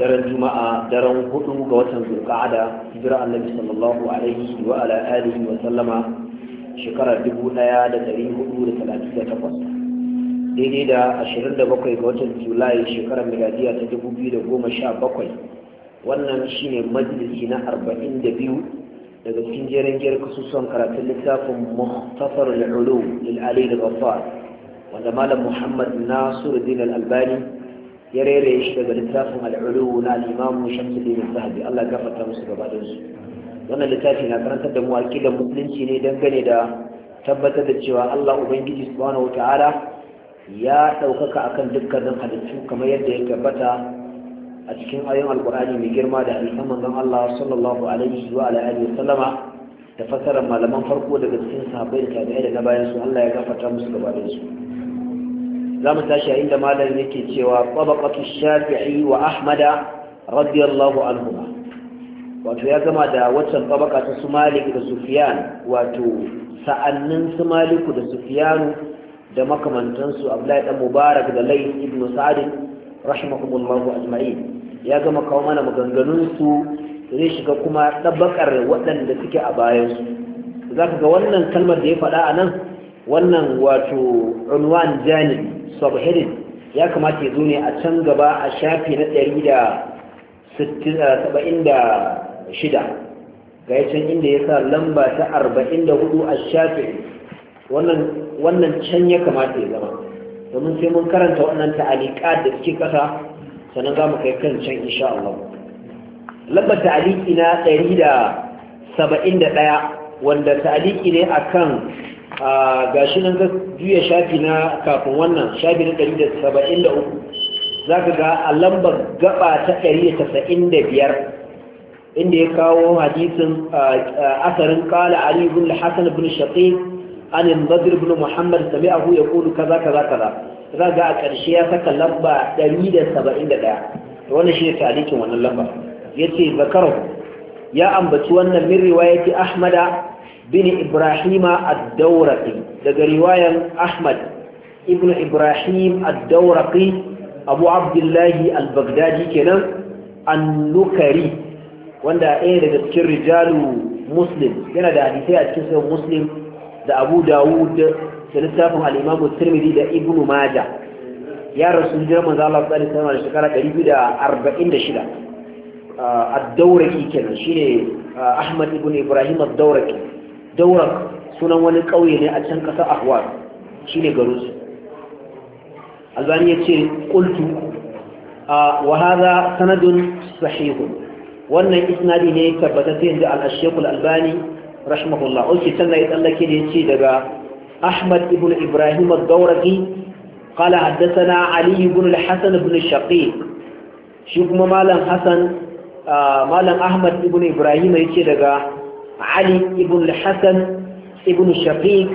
daren juma'a daren hudu ga watan zulqa'ada hijira annabi sallallahu alaihi wa ala alihi wa sallama shekara 1438 daidai da 27 ga watan julai shekarar miladiya ta 2017 wannan shine majalisi na 42 daga cikin jerin jiyar kasusuwan karatun littafin muhtafar al'ulu lil'ali da gafar wanda malam muhammad nasiru din al'albani ya rere shi daga littafin al'ulu na al'imamu shamsuddin zahabi Allah gafarta musu gabaɗin su wannan littafi na karantar da mu da musulunci ne dangane da tabbatar da cewa Allah ubangiji subhanahu wataala ya ɗaukaka akan dukkanin halittu kamar yadda ya tabbata a cikin ayoyin alkur'ani mai girma da hadisan manzon Allah sallallahu alaihi wa alihi wa sallama da fasarar malaman farko daga cikin sahabbai da tabi'ai da na bayan su Allah ya gafarta musu gabaɗin su za mu tashi a inda malam yake cewa tabaqatu shafi'i wa ahmada radiyallahu anhuma wato ya gama da waccan tabaka ta su malik da sufyan wato sa'annin su maliku da sufyanu da makamantansu abdullahi dan mubarak da lais ibn sa'd rahimahumullahu ajma'in ya gama kawo mana maganganunsu zai shiga kuma tabakar waɗanda suke a bayansu za ka ga wannan kalmar da ya faɗa a nan wannan wato unwan janibi subheading ya kamata ya zo ne a can gaba a shafi na 176 eh, ga yacin inda ya sa lamba ta 44 a shafi wannan can ya kamata ya zama domin sai mun karanta wannan ta'alika da suke kasa sannan za mu kai kan can insha Allah lamba ta'aliki na 171 wanda ta'aliki ne akan a gashi nan ka juya shafi na kafin wannan shafi na 173 za ka ga a lambar gaba ta 195 inda ya kawo hadisin asarin kala ali ibn Hassan, ibn shaqiq an al-badr ibn muhammad sami'ahu Kudu, kaza kaza kaza za ga a ƙarshe ya saka lamba 171 wannan shine talikin wannan lamba Ya ce Zakarau ya ambaci wannan min riwayati ahmada Bini ibrahima ad-dawraqi daga riwayan ahmad Ibnu ibrahim ad-dawraqi abu abdullahi al-baghdadi kenan an-nukari wanda ɗaya daga cikin rijalu muslim yana da hadisai a cikin sahih muslim da abu dawud da littafin al-imam tirmidhi da ibn majah ya rasu hijirar manzo Allah sallallahu alaihi wasallam da shekara 246 ad-dawraki kenan shine ahmad ibn ibrahim ad-dawraki Daurak sunan wani ƙauye ne a can ƙasar ahwar shi ne garinsu albani ya ce kultu a wahaza sanadun sahihun wannan isnadi ne tabbatattu yanzu al'ashekul albani rahimahullah oke sannan ya tsallake da ya ce daga ahmad ibn ibrahim al-dauraki قال حدثنا علي بن Hassan بن الشقيق shi kuma malam hassan malam ahmad ibn ibrahim ya ce daga ali ibn al ibn shaqiq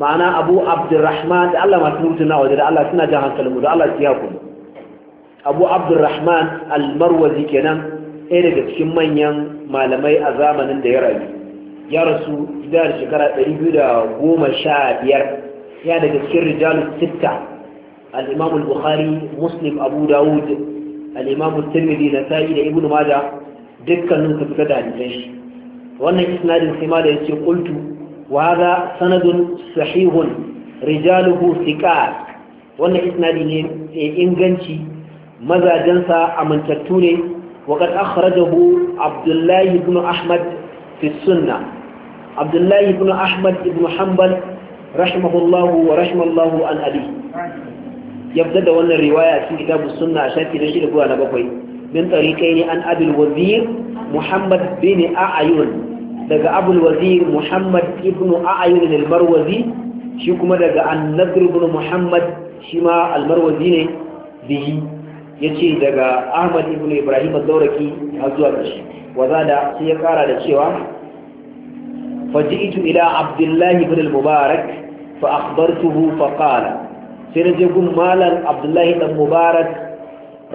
ma'ana abu abdurrahman da Allah masu mutu na waje da Allah suna jan hankalinmu da Allah siya kuma abu abdurrahman almarwazi kenan ɗaya daga cikin manyan malamai a zamanin da ya rayu ya rasu gida da shekara biyar. ya daga cikin rijalu sitta al-imam bukhari muslim abu dawud al-imam tirmidhi nasa'i da ibnu majah dukkanin su fita da hadisan shi wannan isnadin sai da yace kultu wa hadha sanadun sahihun rijaluhu thiqat wannan isnadi ne inganci mazajensa amintattu ne wa qad akhrajahu abdullah ibn ahmad fi sunnah abdullah ibn ahmad ibn hanbal rahimahullahu wa an abi yabda da wannan riwaya cikin kitabu sunna shafi da shida zuwa na bakwai min tariqaini an abul wazir muhammad bin a'yun daga abul wazir muhammad ibnu a'ayun al-marwazi shi kuma daga an-nadr ibn muhammad shi ma al-marwazi ne bihi yace daga ahmad ibn ibrahim al-dawraki har zuwa wazada sai ya kara da cewa faji'tu ila abdullah ibn al-mubarak fa akhbartuhu fa qala sai na je gun malam abdullahi ibn mubarak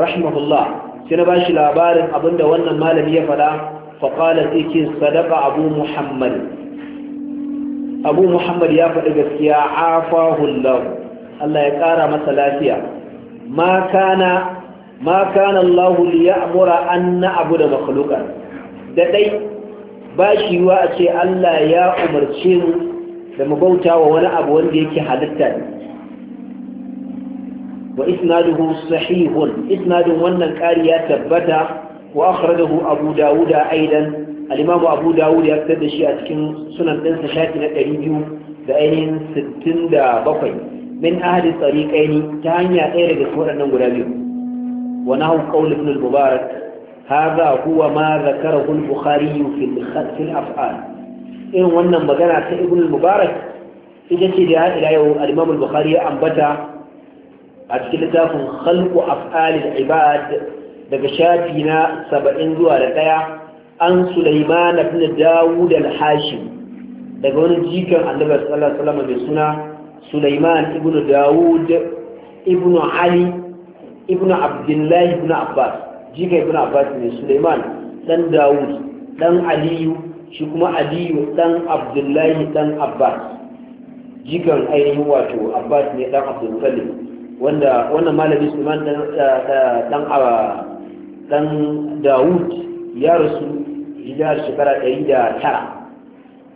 rahimahullah sai na bashi labarin abinda wannan malami ya faɗa faƙala sai ce sadaka abu muhammad abu muhammad ya faɗi gaskiya a lahu Allah ya ƙara masa lafiya ma kana ma kana amura liya'mura anna abu da makhluqan da dai ba shi wa a ce Allah ya umarce mu da mu bauta wa wani abu wanda yake halitta ne wa isnaduhu sahihun isnadun wannan ƙari ya tabbata وأخرجه أبو داود أيضا الإمام أبو داود يبتد شيء أتكن سنن دنسة شاكنا تريبيو بأين ستين دا بقي من أهل الطريقين تانيا غير بسورة نمغرابيو ونهو قول ابن المبارك هذا هو ما ذكره البخاري في في الأفعال إن وانا مغانا ابن المبارك إذا تدعى إلى يوم الإمام البخاري أنبتا أتكلم خلق أفعال العباد daga shafi na saba'in zuwa da ɗaya an sulaiman ibn dawud al-hashim daga wani jikan annabi sallallahu alaihi wasallam mai suna Suleiman, ibn dawud ibn ali ibn abdullahi ibn abbas jika ibn abbas ne Suleiman dan dawud dan aliyu shi kuma aliyu dan abdullahi dan abbas jikan ainihin wato abbas ne dan abdul wanda wannan malami sulaiman dan eh, eh, dan ah, dan Dawud ya rasu hijira shekara 109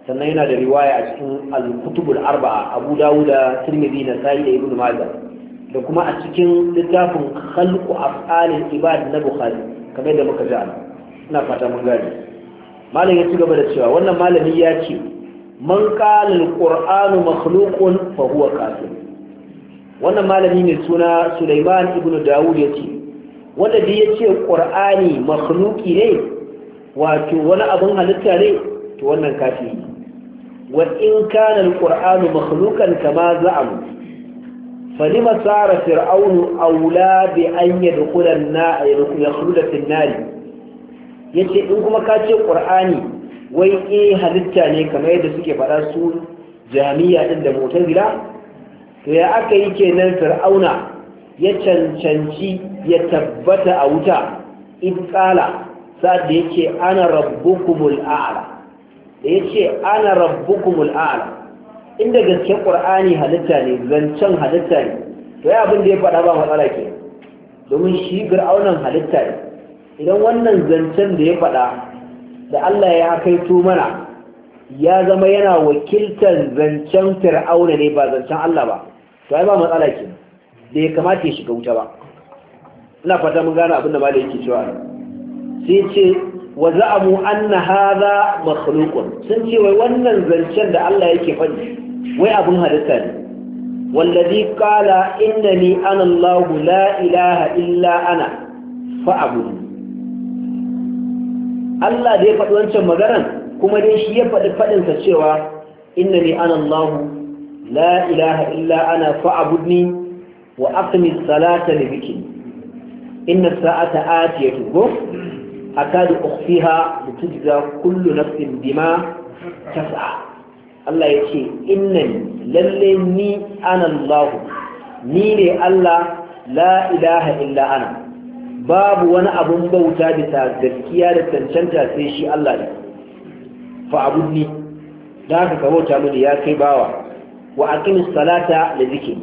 sannan yana da riwaya a cikin al-kutubul arba'a Abu Dawud da Tirmidhi da Sahih da Ibn Majah da kuma a cikin littafin khalqu af'alil ibad na Bukhari kamar yadda muka ji ina fata mun gane malam ya ci gaba da cewa wannan malami ya ce man qala al-qur'anu makhluqun fa huwa kafir wannan malami ne suna Sulaiman ibn Dawud ya ce wanda da ya ce ƙur'ani makhluki ne wato wani abin halitta ne to wannan kafi wa in kana alqur'anu makhluqan kama za'am falima sara fir'aunu aula bi an yadkhula an-nar yadkhula fi yace in kuma ka ce qur'ani wai eh halitta ne kamar yadda suke faɗa su jami'a din da mu'tazila to ya aka yi kenan fir'auna ya cancanci ya tabbata a wuta in tsala sa'ad da ce ana rabbukumul a'ala da ce ana rabbukumul a'ala inda gaske ƙur'ani halitta ne zancen halitta ne to ya abin da ya faɗa ba matsala ke domin shi fir'aunan halitta ne idan wannan zancen da ya faɗa da Allah ya kaito mana ya zama yana wakiltar zancen fir'auna ne ba zancen Allah ba to ai ba matsala kenan da ya kamata ya shiga wuta ba ina fata mun gane abin da malai yake cewa sai ce wa za'amu anna hadha makhluqun sun ce wai wannan zancen da Allah yake faɗi wai abun halitta ne wallazi qala innani ana Allah la ilaha illa ana fa'budu Allah da ya faɗi wancan maganar kuma dai shi ya faɗi faɗinsa cewa innani ana Allah la ilaha illa ana fa'budni wa aqimi salata li dhikri inna sa'ata atiyatu akadu ukhfiha litujza kullu nafsin bima tas'a Allah ya ce innani lalle ni ana Allah ni ne Allah la ilaha illa ana babu wani abun bauta bisa gaskiya da cancanta sai shi Allah ne fa abudni da haka ka bauta mini ya kai bawa wa aqimis salata da bikin.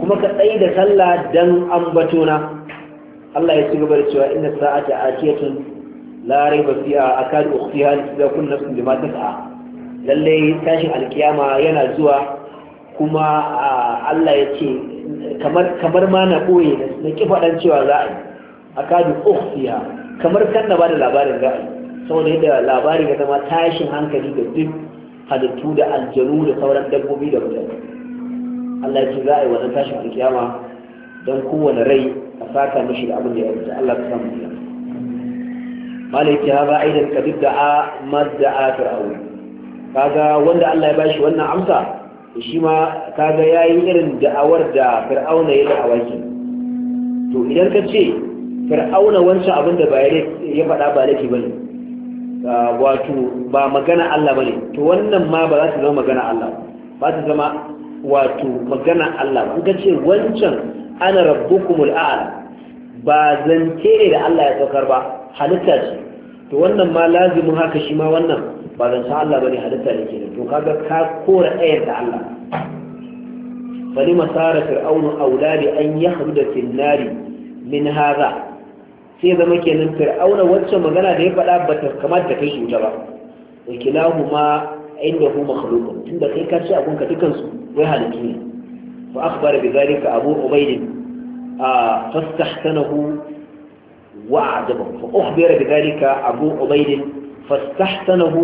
kuma ka tsaye da sallah dan na Allah ya ci gaba da cewa inna sa'ata atiyatun a raiba fiha akad ukhtiha idza kun nafsun bima tas'a lalle tashin alkiyama yana zuwa kuma Allah ya ce kamar kamar ma na koyi na ki fadan cewa za a yi akad kamar kan na bada labarin za a yi saboda yadda labari ya zama tashin hankali da duk halittu da aljanu da sauran dabbobi da mutane Allah ya ce za a yi wannan tashin alkiyama don kowane rai a saka mishi da abin da ya rubuta Allah ka samu biya malaki haza aidan ka bid'a madda'a fir'aun kaga wanda Allah ya bashi wannan amsa shi ma kaga yi irin da'awar da fir'auna ya da'awa ki to idan ka ce fir'auna wancan abin da ya faɗa ba laifi ba ne, wato ba magana Allah ba ne, to wannan ma ba za su zama magana Allah ba su zama wato magana Allah kuka ce wancan ana rabbukumul a'la ba zance ne da Allah ya saukar ba halitta ce to wannan ma lazimin haka shi ma wannan ba zance Allah bane halitta ne kenan to kaga ka kora ayar da Allah bali masara fir'aunu auladi an yahruda fil nari min hadha sai zama kenan fir'auna wacce magana da ya faɗa ba ta kamata ta kai shi ba ma. indahu makhluqun tunda kai ka ce abun ka dukan su wai halittu ne fa akhbara bi zalika abu ubayd a fastahsanahu wa ajabahu fa ukhbira bi zalika abu ubayd fastahsanahu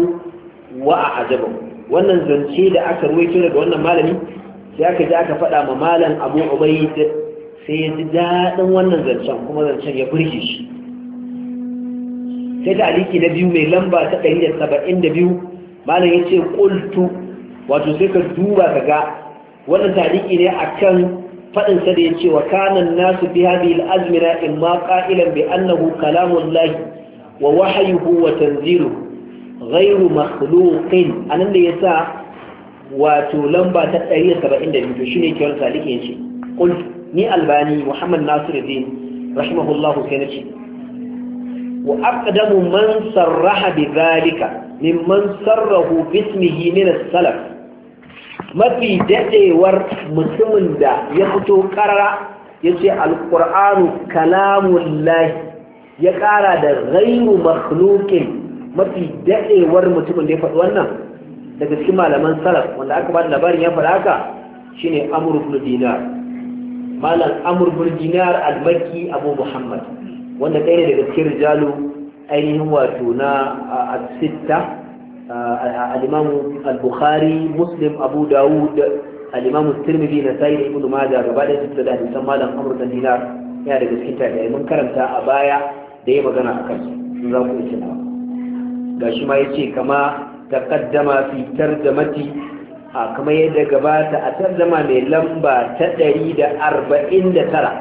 wa ajabahu wannan zance da aka ruwaito daga wannan malami sai aka ji aka faɗa ma malam abu ubayd sai ya ji daɗin wannan zancen kuma zancen ya burge shi sai da aliki na biyu mai lamba ta 172 malam ya ce ƙultu wato sai ka duba ka ga wannan tariki ne a kan faɗinsa da ya ce wa kanan nasu bi hadi al'azmina in ma ƙa'ilan bi annahu kalamun lahi wa wahayuhu wa tanziru ghairu makhluqin anan da yasa wato lamba ta 172 to shine kiran ya ce. Ƙultu ni albani muhammad nasiruddin rahimahullahu sai ce. wa aqdamu man sarraha bi dhalika mimman sarrahu bismihi min salaf mafi dadewar mutumin da ya fito karara yace kalamun kalamullahi ya kara da ghairu makhluqin mafi dadewar mutumin da ya faɗi wannan daga cikin malaman salaf wanda aka ba da labarin ya faɗa haka shine amr ibn dinar malam amr ibn dinar al-makki abu muhammad wanda kai ne daga cikin rijalu ainihin wato na al-sitta al al-bukhari muslim abu dawud al-imamu tirmidhi na sai da ibnu gaba da su da hadisan malam amr dan dinar yana daga cikin mun karanta a baya da ya magana akan su za ku yi tunawa gashi ma yace kama taqaddama fi tarjamati a kama yadda gabata a tarjama mai lamba ta 149 tara,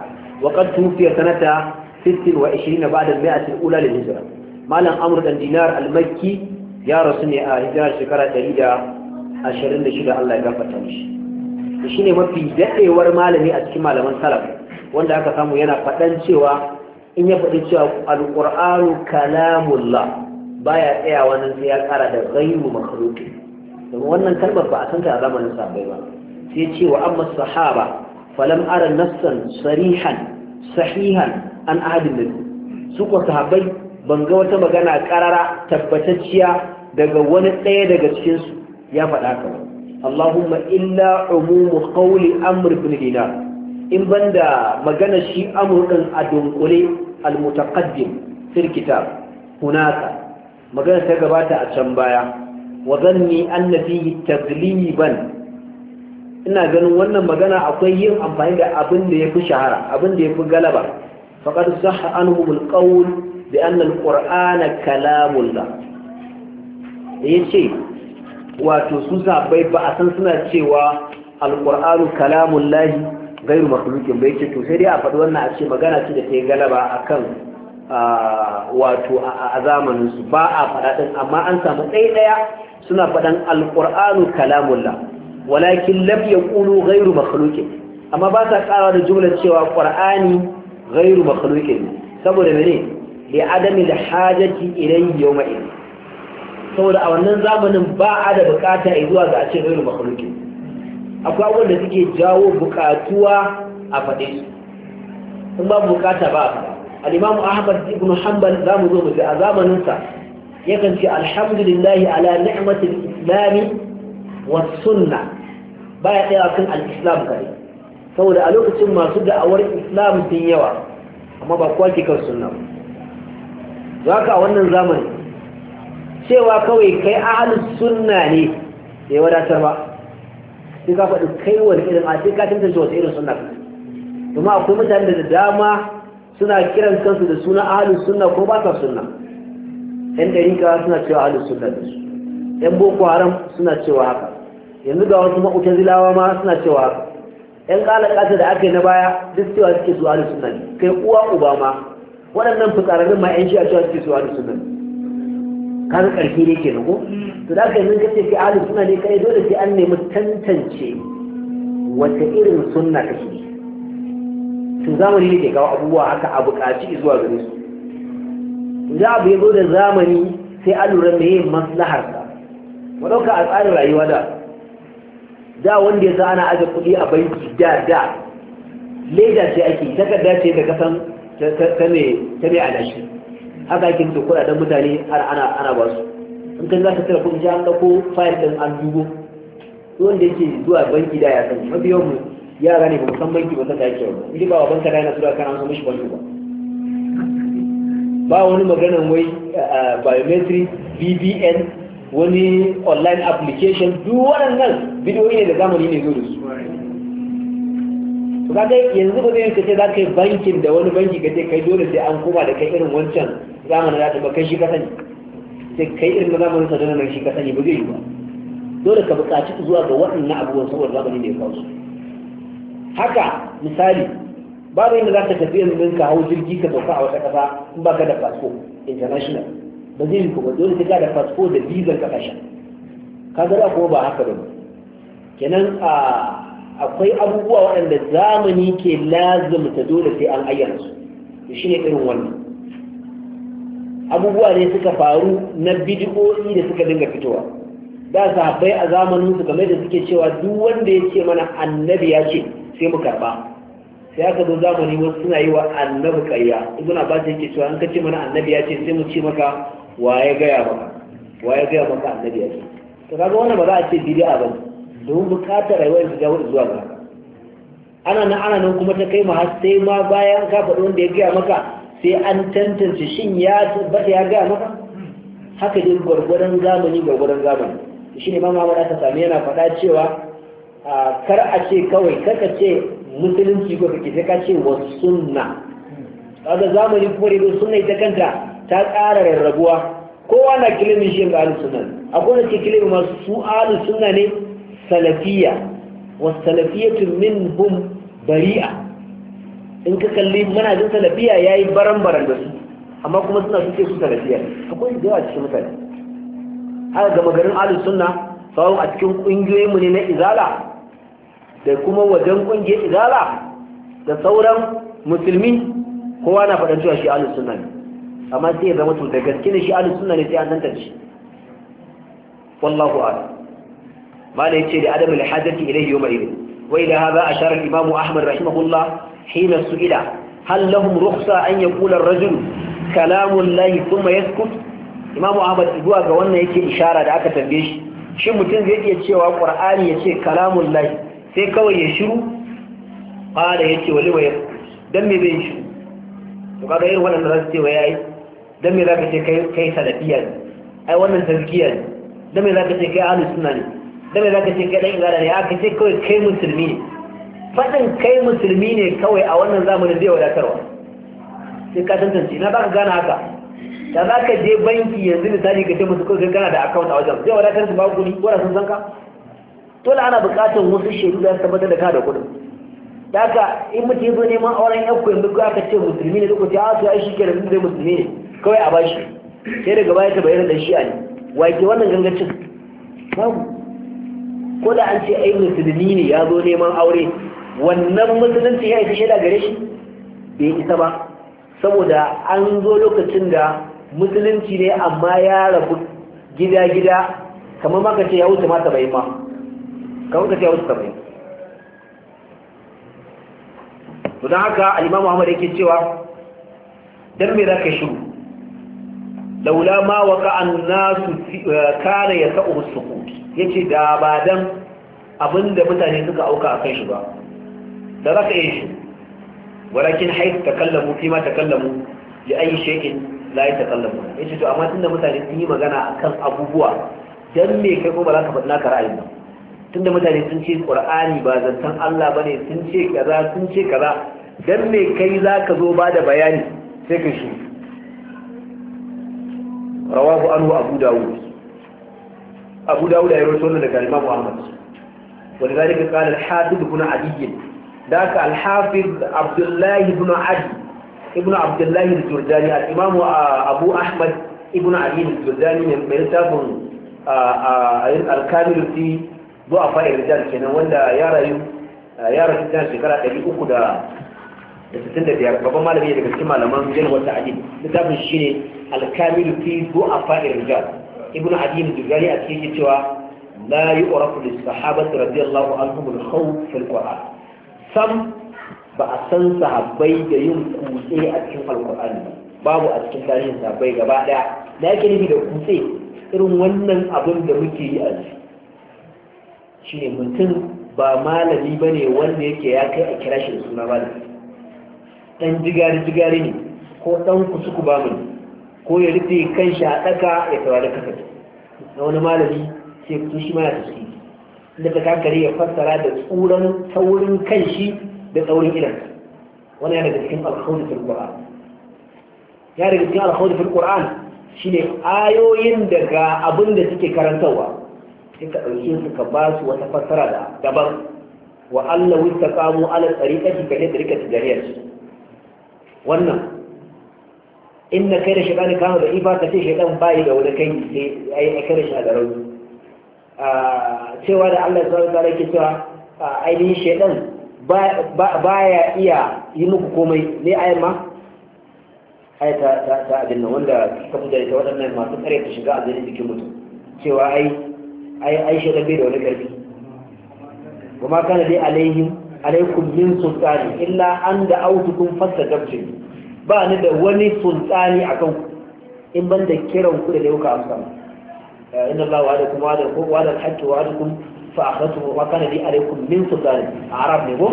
qad tufiya sanata sittin wa ishirin na ba'da mi'atin ula da hijira malam amur dan dinar al ya rasu ne a hijirar shekara ɗari da ashirin da shida allah ya gafarta mishi shi ne mafi daɗewar malami a cikin malaman salaf wanda aka samu yana faɗan cewa in ya faɗi cewa alƙur'anu kalamullah baya tsayawa wannan sai ya ƙara da ghairu makhluqi domin wannan kalmar ba a san ta a zamanin sahabbai ba sai ce wa amma sahaba falam ara nassan sarihan sahihan an ahadin nabi su ko sahabbai ban ga wata magana karara tabbatacciya daga wani ɗaya daga cikin su ya faɗa ka ba Allahumma illa umumu qawli amr bin dinar in banda magana shi amr din a dunkule al mutaqaddim fil kitab hunaka magana ta gabata a can baya wa zanni anna fihi tagliban ina ganin wannan magana akwai yin amfani da abin da ya fi shahara abin da ya fi galaba فقد صح عنهم القول بأن القرآن كلام الله يشي وتسوسا بيبا أسنسنا تشيوا القرآن كلام الله غير مخلوق بيشي تسيري أفضلنا أشي مغانا تشي غلبا أكل wato a zamaninsu ba a faɗaɗin amma an samu ɗaya suna faɗan alƙur'anu kalamullah walakin lam yaqulu gairu makhluqin amma ba sa ƙara da jumlar cewa qur'ani ghairu makhluqin saboda mene li adami da hajati ilayhi yawma idin saboda a wannan zamanin ba a da bukata zuwa ga a ce gairu makhluqin akwai abubuwan da suke jawo bukatuwa a faɗe su in babu bukata ba a faɗa al ahmad ibn hanbal zamu zo mu a zamanin sa yakan ce alhamdulillahi ala ni'matil islami was sunna ya tsaya kan al-islam kare saboda a lokacin masu da'awar islam sun yawa amma ba kowa ke kan sunna za ka a wannan zamani cewa kawai kai ahalus sunna ne da ya wadatar ba sai ka faɗi kai wani irin a sai ka tantance wasu irin sunna kuma akwai mutane da dama suna kiran kansu da suna ahalus sunna ko ba sa sunna yan ɗarika suna cewa ahalus sunna da su yan boko haram suna cewa haka yanzu ga wasu ma'utazilawa ma suna cewa haka yan kala kasa da aka yi na baya duk cewa suke zuwa da suna kai uwa uba ma waɗannan fitsararrun ma yan shi a cewa suke zuwa da suna kan ƙarfi ne ke nago to da aka yi ka ce kai ahalin suna ne kai dole sai an nemi tantance wata irin sunna kake ne to zamani ne ke kawo abubuwa haka a buƙaci zuwa gare su idan abu ya zo da zamani sai an lura me yin maslaharsa mu ɗauka a tsarin rayuwa da da wanda ya sa ana aje kuɗi a banki da da leda ce ake takarda ce da kasan ta mai adashi haka ake mutu kuɗaɗen mutane har ana ba su in kan za ka tara kuɗi an ɗauko fayil ɗin an dubo wanda yake zuwa banki da ya san mafi yawan mu yara ne ba san banki ba san da yake ba idan ba wa banka da yana tura kana an mishi banki ba ba wani maganan wai eh, eh, biometric bbn wani online application duk waɗannan bidiyo ne da zamani ne zuwa da su ba yanzu ba zai kace za ka yi bankin da wani banki ka ce kai dole sai an koma da kai irin wancan zamanin da ta ba kai shi ka sani sai kai irin na zamanin sa nan shi ka sani ba zai yi ba dole ka buƙaci zuwa ga waɗannan abubuwan saboda zamani ne ya kawo su haka misali ba zai yi da za ka tafi yanzu ka hau jirgi ka sauka a wata ƙasa in ba ka da fasfo international ba zai yi kuma dole sai ka da fasfo da bizar ka kashe ka ga kuma ba haka ba kenan a akwai abubuwa waɗanda zamani ke lazumta dole sai an ayyana su shi ne irin wannan abubuwa ne suka faru na bidiyoyi da suka dinga fitowa da sahabbai a zamanin su kamar da suke cewa duk wanda ya ce mana annabi ya ce sai mu karba sai aka zo zamani wasu suna yi wa annabi karya ibn abbas yake cewa an ce mana annabi ya ce sai mu ce maka waye gaya maka waye gaya maka annabi ya ce to kaga wannan ba za a ce bid'a ba don bukatar rayuwar su jawo zuwa ga ana nan ana nan kuma ta kai ma har sai ma bayan ka faɗi wanda ya gaya maka sai an tantance shin ya ba ya gaya maka haka dai gwargwadon zamani gwargwadon zamani shi ne mama wani aka sami yana faɗa cewa kar a ce kawai kaka ce musulunci ko kake sai ka ce wa sunna kaga zamani kuma dai sunna ita kanta ta ƙara rarrabuwa kowa na kilimin shi ga ahlus sunna akwai wanda ke kilimin masu su ahlus sunna ne salafiyya wa salafiyatu minhum bari'a in ka kalli salafiya ya yi baran-baran da su amma kuma suna suke su salafiya. akwai da yawa cikin mutane haka gama garin ahlus sunna sawun a cikin ƙungiyoyinmu ne na izala da kuma wajen ƙungiyar izala da sauran musulmi kowa na faɗin cewa shi ahlus sunna ne amma sai ya zama to da gaske ne shi ahlus sunna ne sai an tantance wallahu a'lam malai yace da adamul hajati ilayhi yawma idin wa ila hadha ashara al-imam ahmad rahimahullah hina su'ila hal lahum rukhsa an yaqula ar-rajul kalamu llahi thumma yaskut imam ahmad zuwa ga wannan yake ishara da aka tambaye shi shin mutum zai iya cewa qur'ani yace kalamun llahi sai kawai ya shiru qala yace wali wa dan me bai shiru to kaga irin wannan da zai ce wa yayi dan me zaka ce kai kai salafiyan ne ai wannan tazkiya ne dan me zaka ce kai ahlus sunna ne dan me zaka ce kai dan ibada ne aka ce kawai kai musulmi ne fadin kai musulmi ne kawai a wannan zamanin zai wadatarwa sai ka tantance na baka gane haka da za ka je banki yanzu misali ka ce musu kai kana da account a wajen zai wadatar su ba kuɗi ko da sun san ka dole ana buƙatar wasu shaidu da su tabbatar da ka da kuɗin daga in mutum zo neman auren yankun yanzu ko aka ce musulmi ne duk ce a ah, su ai shike da zai musulmi ne kawai a bashi sai daga baya ta bayyana da shi'a ne wake wannan gangacin babu ko da an ce ai musulmi ne ya zo neman aure wannan musulunci ya yi shaida gare shi bai isa ba saboda an zo lokacin da musulunci ne amma ya rabu gida-gida kamar maka ce ya wuce mata bai ma kamar ka ce ya wuce bai don haka alimamu hamadu yake cewa don me za ka shiru laula ma waka annasu kare ya sa'u sukut yace da ba dan abinda mutane suka auka akan shi ba da raka yin shi walakin hayth takallamu fi ma takallamu li ayi shay'in la yatakallamu yace to amma tunda mutane sun yi magana akan abubuwa dan me kai ko ba za ka faɗi naka ra'ayin ba tunda mutane sun ce qur'ani ba zantan Allah bane sun ce kaza sun ce kaza dan me kai za ka zo ba da bayani sai ka shi rawahu anhu abu dawud abu dawud ya rawaito wannan daga imam muhammad wa lidhalika qala al hafiz ibn adi da ka al hafiz abdullah ibn adi ibn abdullah al imam uh, abu ahmad ibn adi al jurdani min baytabun uh, ayin uh, al kamil fi du'afa al rijal kenan wanda ya rayu ya rayu da shekara 300 da sittin da biyar babban malami daga cikin malaman jan wata adil littafin shi ne alkamilu fi du'afa irjal ibn adil dugari a cikin cewa la yu'rafu da sahabati radiyallahu anhum al fil qur'an sam ba a san sahabbai da yin kutse a cikin ba. babu a cikin tarihin sahabbai gaba daya da yake nufi da kutse irin wannan abin da muke yi a shi ne mutum ba malami ba ne wanda yake ya kai a kira shi da suna malami ɗan jigari-jigari ne ko ɗan kusuku ba mu ko ya rufe kan shi a ɗaka ya saurari kasa na wani malami sai fito shi ya tafsiri inda ta kakare ya fassara da tsuran taurin kan shi da tsaurin idan wani yana daga cikin alkhawdifin qur'an ya daga cikin alkhawdifin qur'an shine ayoyin daga abin da suke karantarwa sai ka ɗauke su ka ba su wata fassara da daban wa Allah wista kamu ala tsarikati ka ne tsarikati jariyar su wannan inda kai da shaɗani kama da ifa ta ce shi ɗan bayi da wani kai sai ai a kai da shi a garau cewa da Allah subhanahu wataala yake cewa ainihin ba ya iya yi muku komai ne a yamma. ai ta ta abin nan wanda ka fi ta waɗannan masu tsare ta shiga a zai jikin mutum cewa ai ai ai bai da wani ƙarfi kuma kana dai alaihim alaikum min sultani illa an da autukun fasta gabcin ba ni da wani sultani a kan in ban da kiran ku da da yauka amsa eh, inna Allah wa da kuma da kowa da haƙƙi wa da kun fa akhatu wa kana li alaikum min sultani a arab ne ko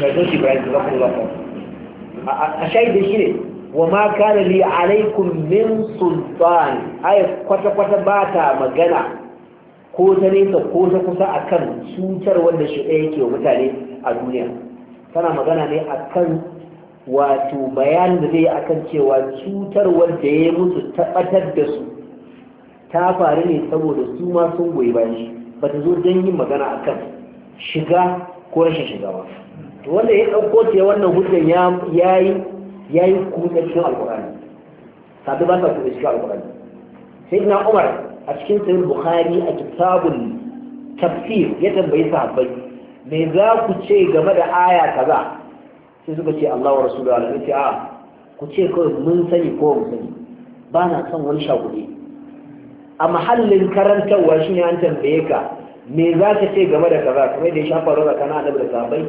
kai zo shi bayan da kuma a shaidin shi ne wa ma kana li alaikum min sultani ay kwata kwata ba ta magana ko ta nesa ko ta kusa a kan cutar wanda shi ɗaya yake wa mutane a duniya tana magana ne a kan wato bayanin da zai yi a kan cewa cutar wanda ya musu tabbatar da su ta faru ne saboda su ma sun goyi ba shi ba ta zo don yin magana a kan shiga ko rashin shiga ba wanda ya ɗauko ta wannan hujjan ya yi ya yi cikin alkurani sabi ba ta cikin sai na umar a cikin sahih bukhari a kitabul tafsir ya tambayi sahabbai me za ku ce game da aya kaza sai suka ce Allah wa rasuluhu ce a ah, ku ce kawai mun sani ko mun sani ba na son wani shagure a mahallin karantarwa shi ne an tambaye ka me za ka ce game da kaza kamar da ya shafa rawa kana annabi da sahabbai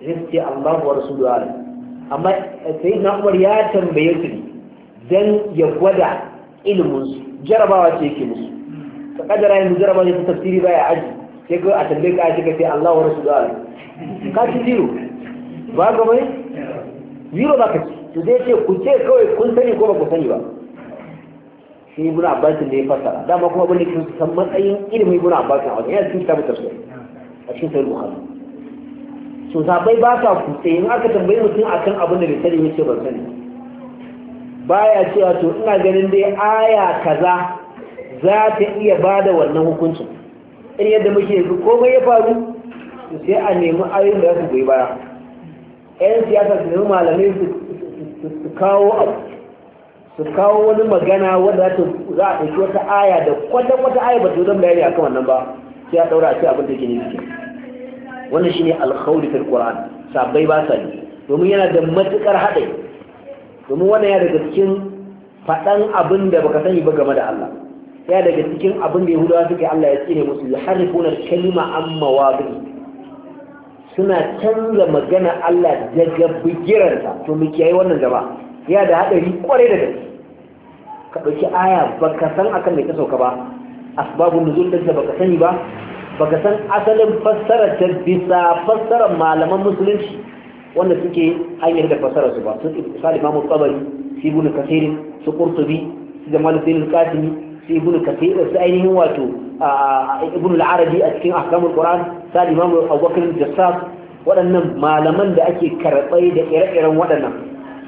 sai su ce Allah wa rasuluhu alaihi amma sai na Umar ya tambaye su ne dan ya gwada ilimin su jarabawa ce yake musu ka kadara yanzu jarama ne ta tafsiri baya aji sai ga a tambaye ka shi ka Allahu Allah wa Rasulullah ka ci zero ba ga bai zero ba ka ci to dai ce ku ce kawai kun sani ko ba ku sani ba shi ibn Abbas ne ya fasara dama kuma bane da kin san matsayin ilimin ibn Abbas a wajen yana cikin kitabun tafsir a cikin sahih Bukhari to sabai ba ta kutse in aka tambayi mutum akan abin da bai sani ba ban sani baya cewa to ina ganin dai aya kaza za ta iya ba da wannan hukuncin in yadda muke yanzu komai ya faru su sai a nemi ayoyin da su goyi baya yan siyasa su nemi malamai su kawo abu su kawo wani magana wanda za a ɗauki wata aya da kwata-kwata aya ba su zan bayani a kan wannan ba sai a ɗaura a ce abin da ke nufi wannan ne alkhawli fil qur'an sabai ba sa domin yana da matukar haɗari domin wannan ya daga cikin faɗan abin da baka sani ba game da Allah ya daga cikin abin da yahudawa suke Allah ya tsire musu ya harifuna kalima an mawabi suna canza magana Allah daga bigiranta to mu kiyaye wannan gaba ya da haɗari kwarai da gaske ka aya baka san akan me ta sauka ba asbabun nuzul din da baka sani ba baka san asalin fassarar ta bisa fassarar malaman musulunci wanda suke hanyar da fassarar su ba su misali Imam Tabari Ibn Kathir su Qurtubi su Jamal Ibn Qasimi su ibn kathir su ainihin wato ibn al-arabi a cikin ahkamul qur'an sai imam abubakar jassas waɗannan malaman da ake karɓai da ire-iren waɗannan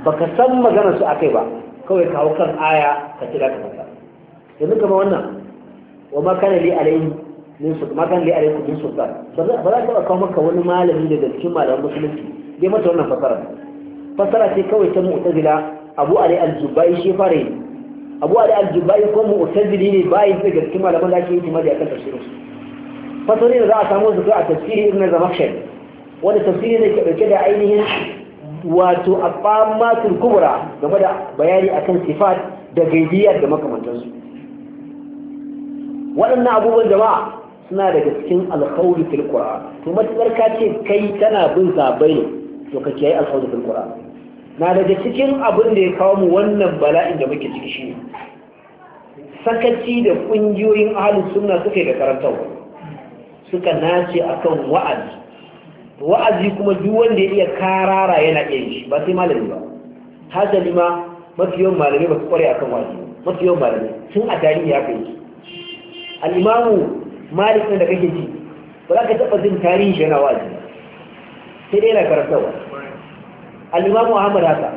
baka san magana su akai ba kawai kawo kan aya ka tira ka fasa yanzu kama wannan wa ma kana li alayhi min su ma kana li alayhi min sultan ba za ka kawo maka wani malami daga cikin malaman musulunci dai mata wannan fasara fasara ce kawai ta mu'tazila abu ali al-zubai shi fara yi Abu'a da al-jubai ko mu'tazili ne bayin da gaskiya malaman da ake yi timadi akan tafsirin su fasali da za a samu su a tafsiri ibn zamakhshari wanda tafsiri ne ke dauke da ainihin wato aqamatul kubra game da bayani akan sifat da gaibiyar da makamantansu waɗannan abubuwan jama'a suna daga cikin alkhawli fil qur'an to matsalar ka ce kai tana bin sabai to ka kiyaye alkhawli fil qur'an na daga cikin abin da ya kawo mu wannan bala'in da muke ciki shi ne. sakaci da ƙungiyoyin ahalin suna suka yi da karantarwa suka nace a kan wa'azi wa'azi kuma duk wanda ya iya karara yana iya yi ba sai malami ba hasali ma mafi yawan malami ba su kware a kan wa'azi mafi yawan malami sun a tarihi haka yake al'imamu malik da kake ji ba za ka taɓa jin tarihi yana wa'azi sai dai yana karantarwa Al'imamu imamu ahmad haka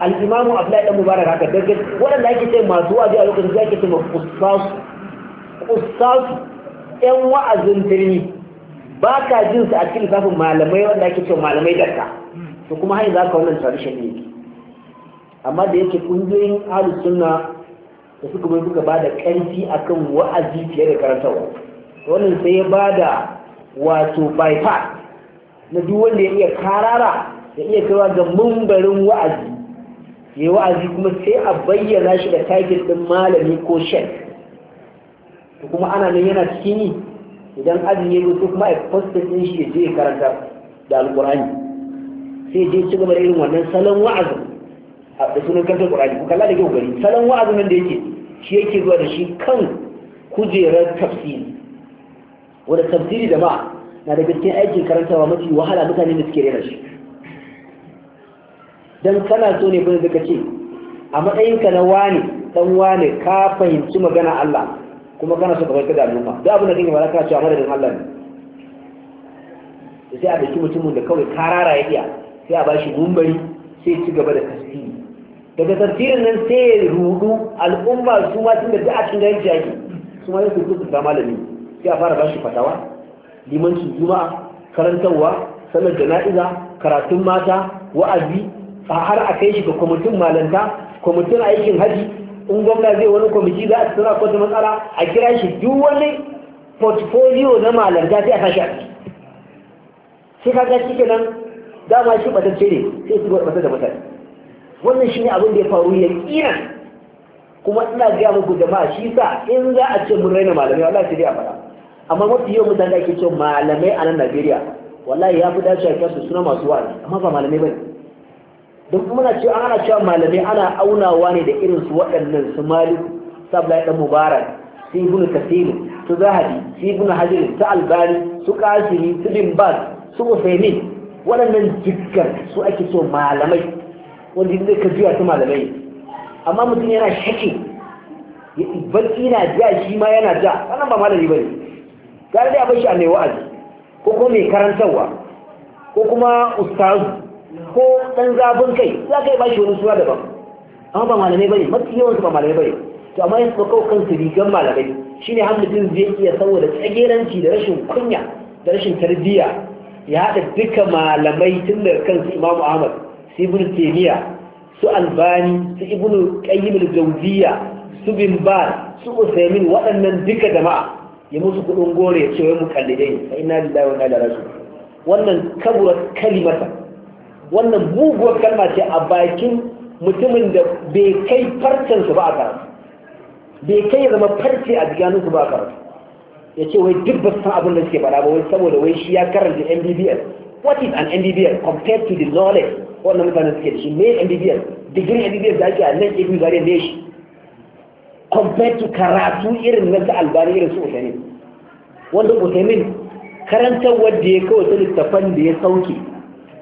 al’imamu imamu abdullahi dan mubarak haka daga waɗanda ake ce masu waje a lokacin zai ake ce yan wa'azin birni ba ka jin su a cikin lissafin malamai wanda ake ce malamai dakka to kuma hanyar za ka wannan tradition ne amma da yake ƙungiyoyin ahlus sunna da suka bai suka bada ƙarfi akan wa'azi fiye da karantarwa wannan sai ya bada wato bypass na duk wanda ya iya karara da iya kaiwa ga mumbarin wa'azi ya wa'azi kuma sai a bayyana shi da tagin ɗin malami ko shek kuma ana nan yana cikin yi idan azumi ya zo kuma a fasta ɗin shi ya je ya karanta da alƙur'ani sai je ci gaba da irin wannan salon wa'azi a da sunan kanta ƙur'ani ko kalla da kyau gari salon wa'azin nan da yake shi yake zuwa da shi kan kujerar tafsiri wanda tafsiri da ma na da gaskiyar aikin karantawa mafi wahala mutane da suke rena shi dan kana so ne bane zaka ce a matsayinka na wani dan wani ka fahimci magana Allah kuma kana so ka bai da al'umma da abin da kake ba ka ce a madadin Allah ne sai a ɗauki mutumin da kawai karara ya iya sai a bashi mumbari sai ci gaba da tasiri daga tasirin nan sai ya rudu al'umma su ma tun da a cikin garin jaki su ma su kusa da malami sai a fara bashi fatawa limancin juma'a karantarwa sallar jana'iza karatun mata wa'azi har a kai shi ga kwamitin malanta kwamitin aikin haji in gwamna zai wani kwamiti za a tsara kwata matsala a kira shi duk wani portfolio na malanta sai a sashi a ciki sai kaga shi nan dama shi batacce ne sai su gwada da mutane wannan shi ne abin da ya faru ya kina kuma ina gaya muku jama'a shi sa in za a ce mun raina malamai wallahi sai dai a faɗa amma mafi yawan mutane ake cewa malamai a nan Najeriya wallahi ya fi dace a kyasu suna masu wa'azi amma ba malamai bane duk muna ce ana cewa malamai ana aunawa ne da irin su waɗannan su malik sabla dan mubarak sai ibn kasir su zahabi sai ibn hajar su albani su kashiri su bin su waɗannan jikkar su ake so malamai wanda zai ka juya su malamai amma mutum yana ya barci na ja shi ma yana ja wannan ba malami bane gare dai a bashi a mai wa'azi ko kuma mai karantarwa ko kuma ustazu ko ɗan zafin kai za ka yi bashi wani suna daban amma ba malamai bane mafi yawan su ba malamai bane to amma yanzu kawo su rigan malamai shine har mutum zai iya saboda tsageranci da rashin kunya da rashin tarbiyya ya haɗa duka malamai tun daga kansu imamu ahmad su ibnu taymiya su albani su ibnu qayyim al-jawziyya su bin su usaimin waɗannan duka jama'a ya musu kuɗin gore ya ce wai mu kallidai fa inna lillahi wa inna ilaihi raji'un wannan kabura kalimata wannan muguwar kalma ce a bakin mutumin da bai kai farcen su ba a karatu bai kai ya zama farce a su ba a karatu ya ce wai duk ba san abin da suke faɗa ba wai saboda wai shi ya karanta mbbs what is an mbbs compared to the knowledge wannan mutanen suke da shi me mbbs degree mbbs da ake a nan ibi zare ne shi compared to karatu irin na ta albani irin su usaimin wanda usaimin karantar wadda ya kawai ta littafan da ya sauke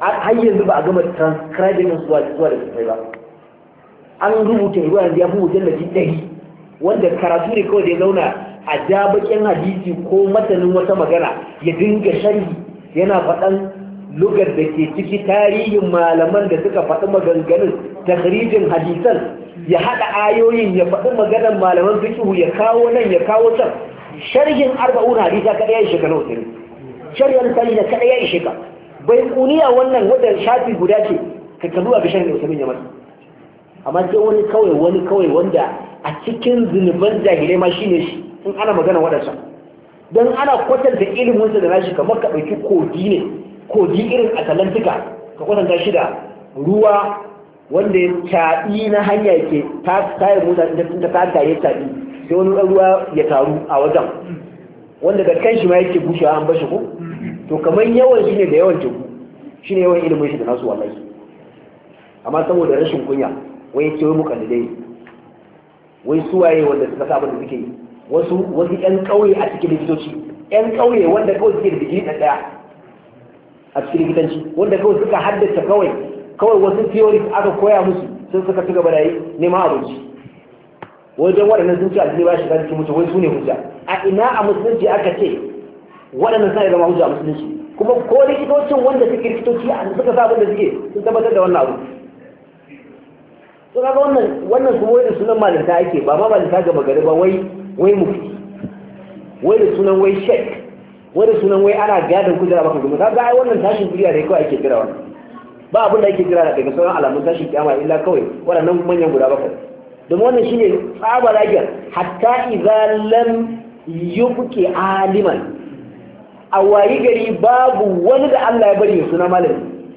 har yanzu ba a gama transcribing din zuwa zuwa da sufai ba an rubuta ruwa yanzu ya fi da ɗari wanda karatu ne kawai da ya zauna a jabakin hadisi ko matanin wata magana ya dinga sharhi yana faɗan lugar da ke ciki tarihin malaman da suka faɗi maganganun tahrijin hadisan ya haɗa ayoyin ya faɗi maganar malaman fikihu ya kawo nan ya kawo can sharhin arba'un hadisa kaɗai ya shiga na sharhin sani na kaɗai ya shiga bai kuniya wannan wadda shafi guda ce ka kallu a bishan da ya masa amma sai wani kawai wani kawai wanda a cikin zunuban jahilai ma shine shi in ana magana wadansa don ana kwatanta iliminsa da nashi kamar ka ɗauki kogi ne kogi irin atalantika ka kwatanta shi da ruwa wanda ya caɗi na hanya ke ta tayar mota inda ta tare ya caɗi sai wani ruwa ya taru a wajen wanda da kanshi ma yake bushewa an bashi ko to kamar yawan shi ne da yawan teku shi ne yawan ilimin shi da nasu wallahi amma saboda rashin kunya wai ce wai mukallidai wai suwaye wanda suka sa da suke yi wasu wasu yan kauye a cikin likitoci yan kauye wanda kawai suke da digiri ɗaya a cikin likitanci wanda kawai suka haddace kawai kawai wasu theories aka koya musu sun suka ci gaba da yi neman abinci wajen waɗannan sun ce addini ba shi shiga cikin wai su ne hujja a ina a musulunci aka ce waɗannan suna zama hujja a musulunci kuma ko likitocin wanda suke likitoci a suka sa abin da suke sun tabbatar da wannan abu suna ga wannan wannan kuma wai da sunan malinta ake ba ma malinta ga magari ba wai wai mufi wai da sunan wai shek wai da sunan wai ana gadon kujera baka gumu kaga ai wannan tashin da ne kawai ake kira wannan ba abin da ake kira daga sauran alamun tashin kiyama illa kawai waɗannan manyan guda bakwai domin wannan shine tsabar ajiyar hatta idan lam yubqi aliman a wayi gari babu wani da Allah ya bari suna malami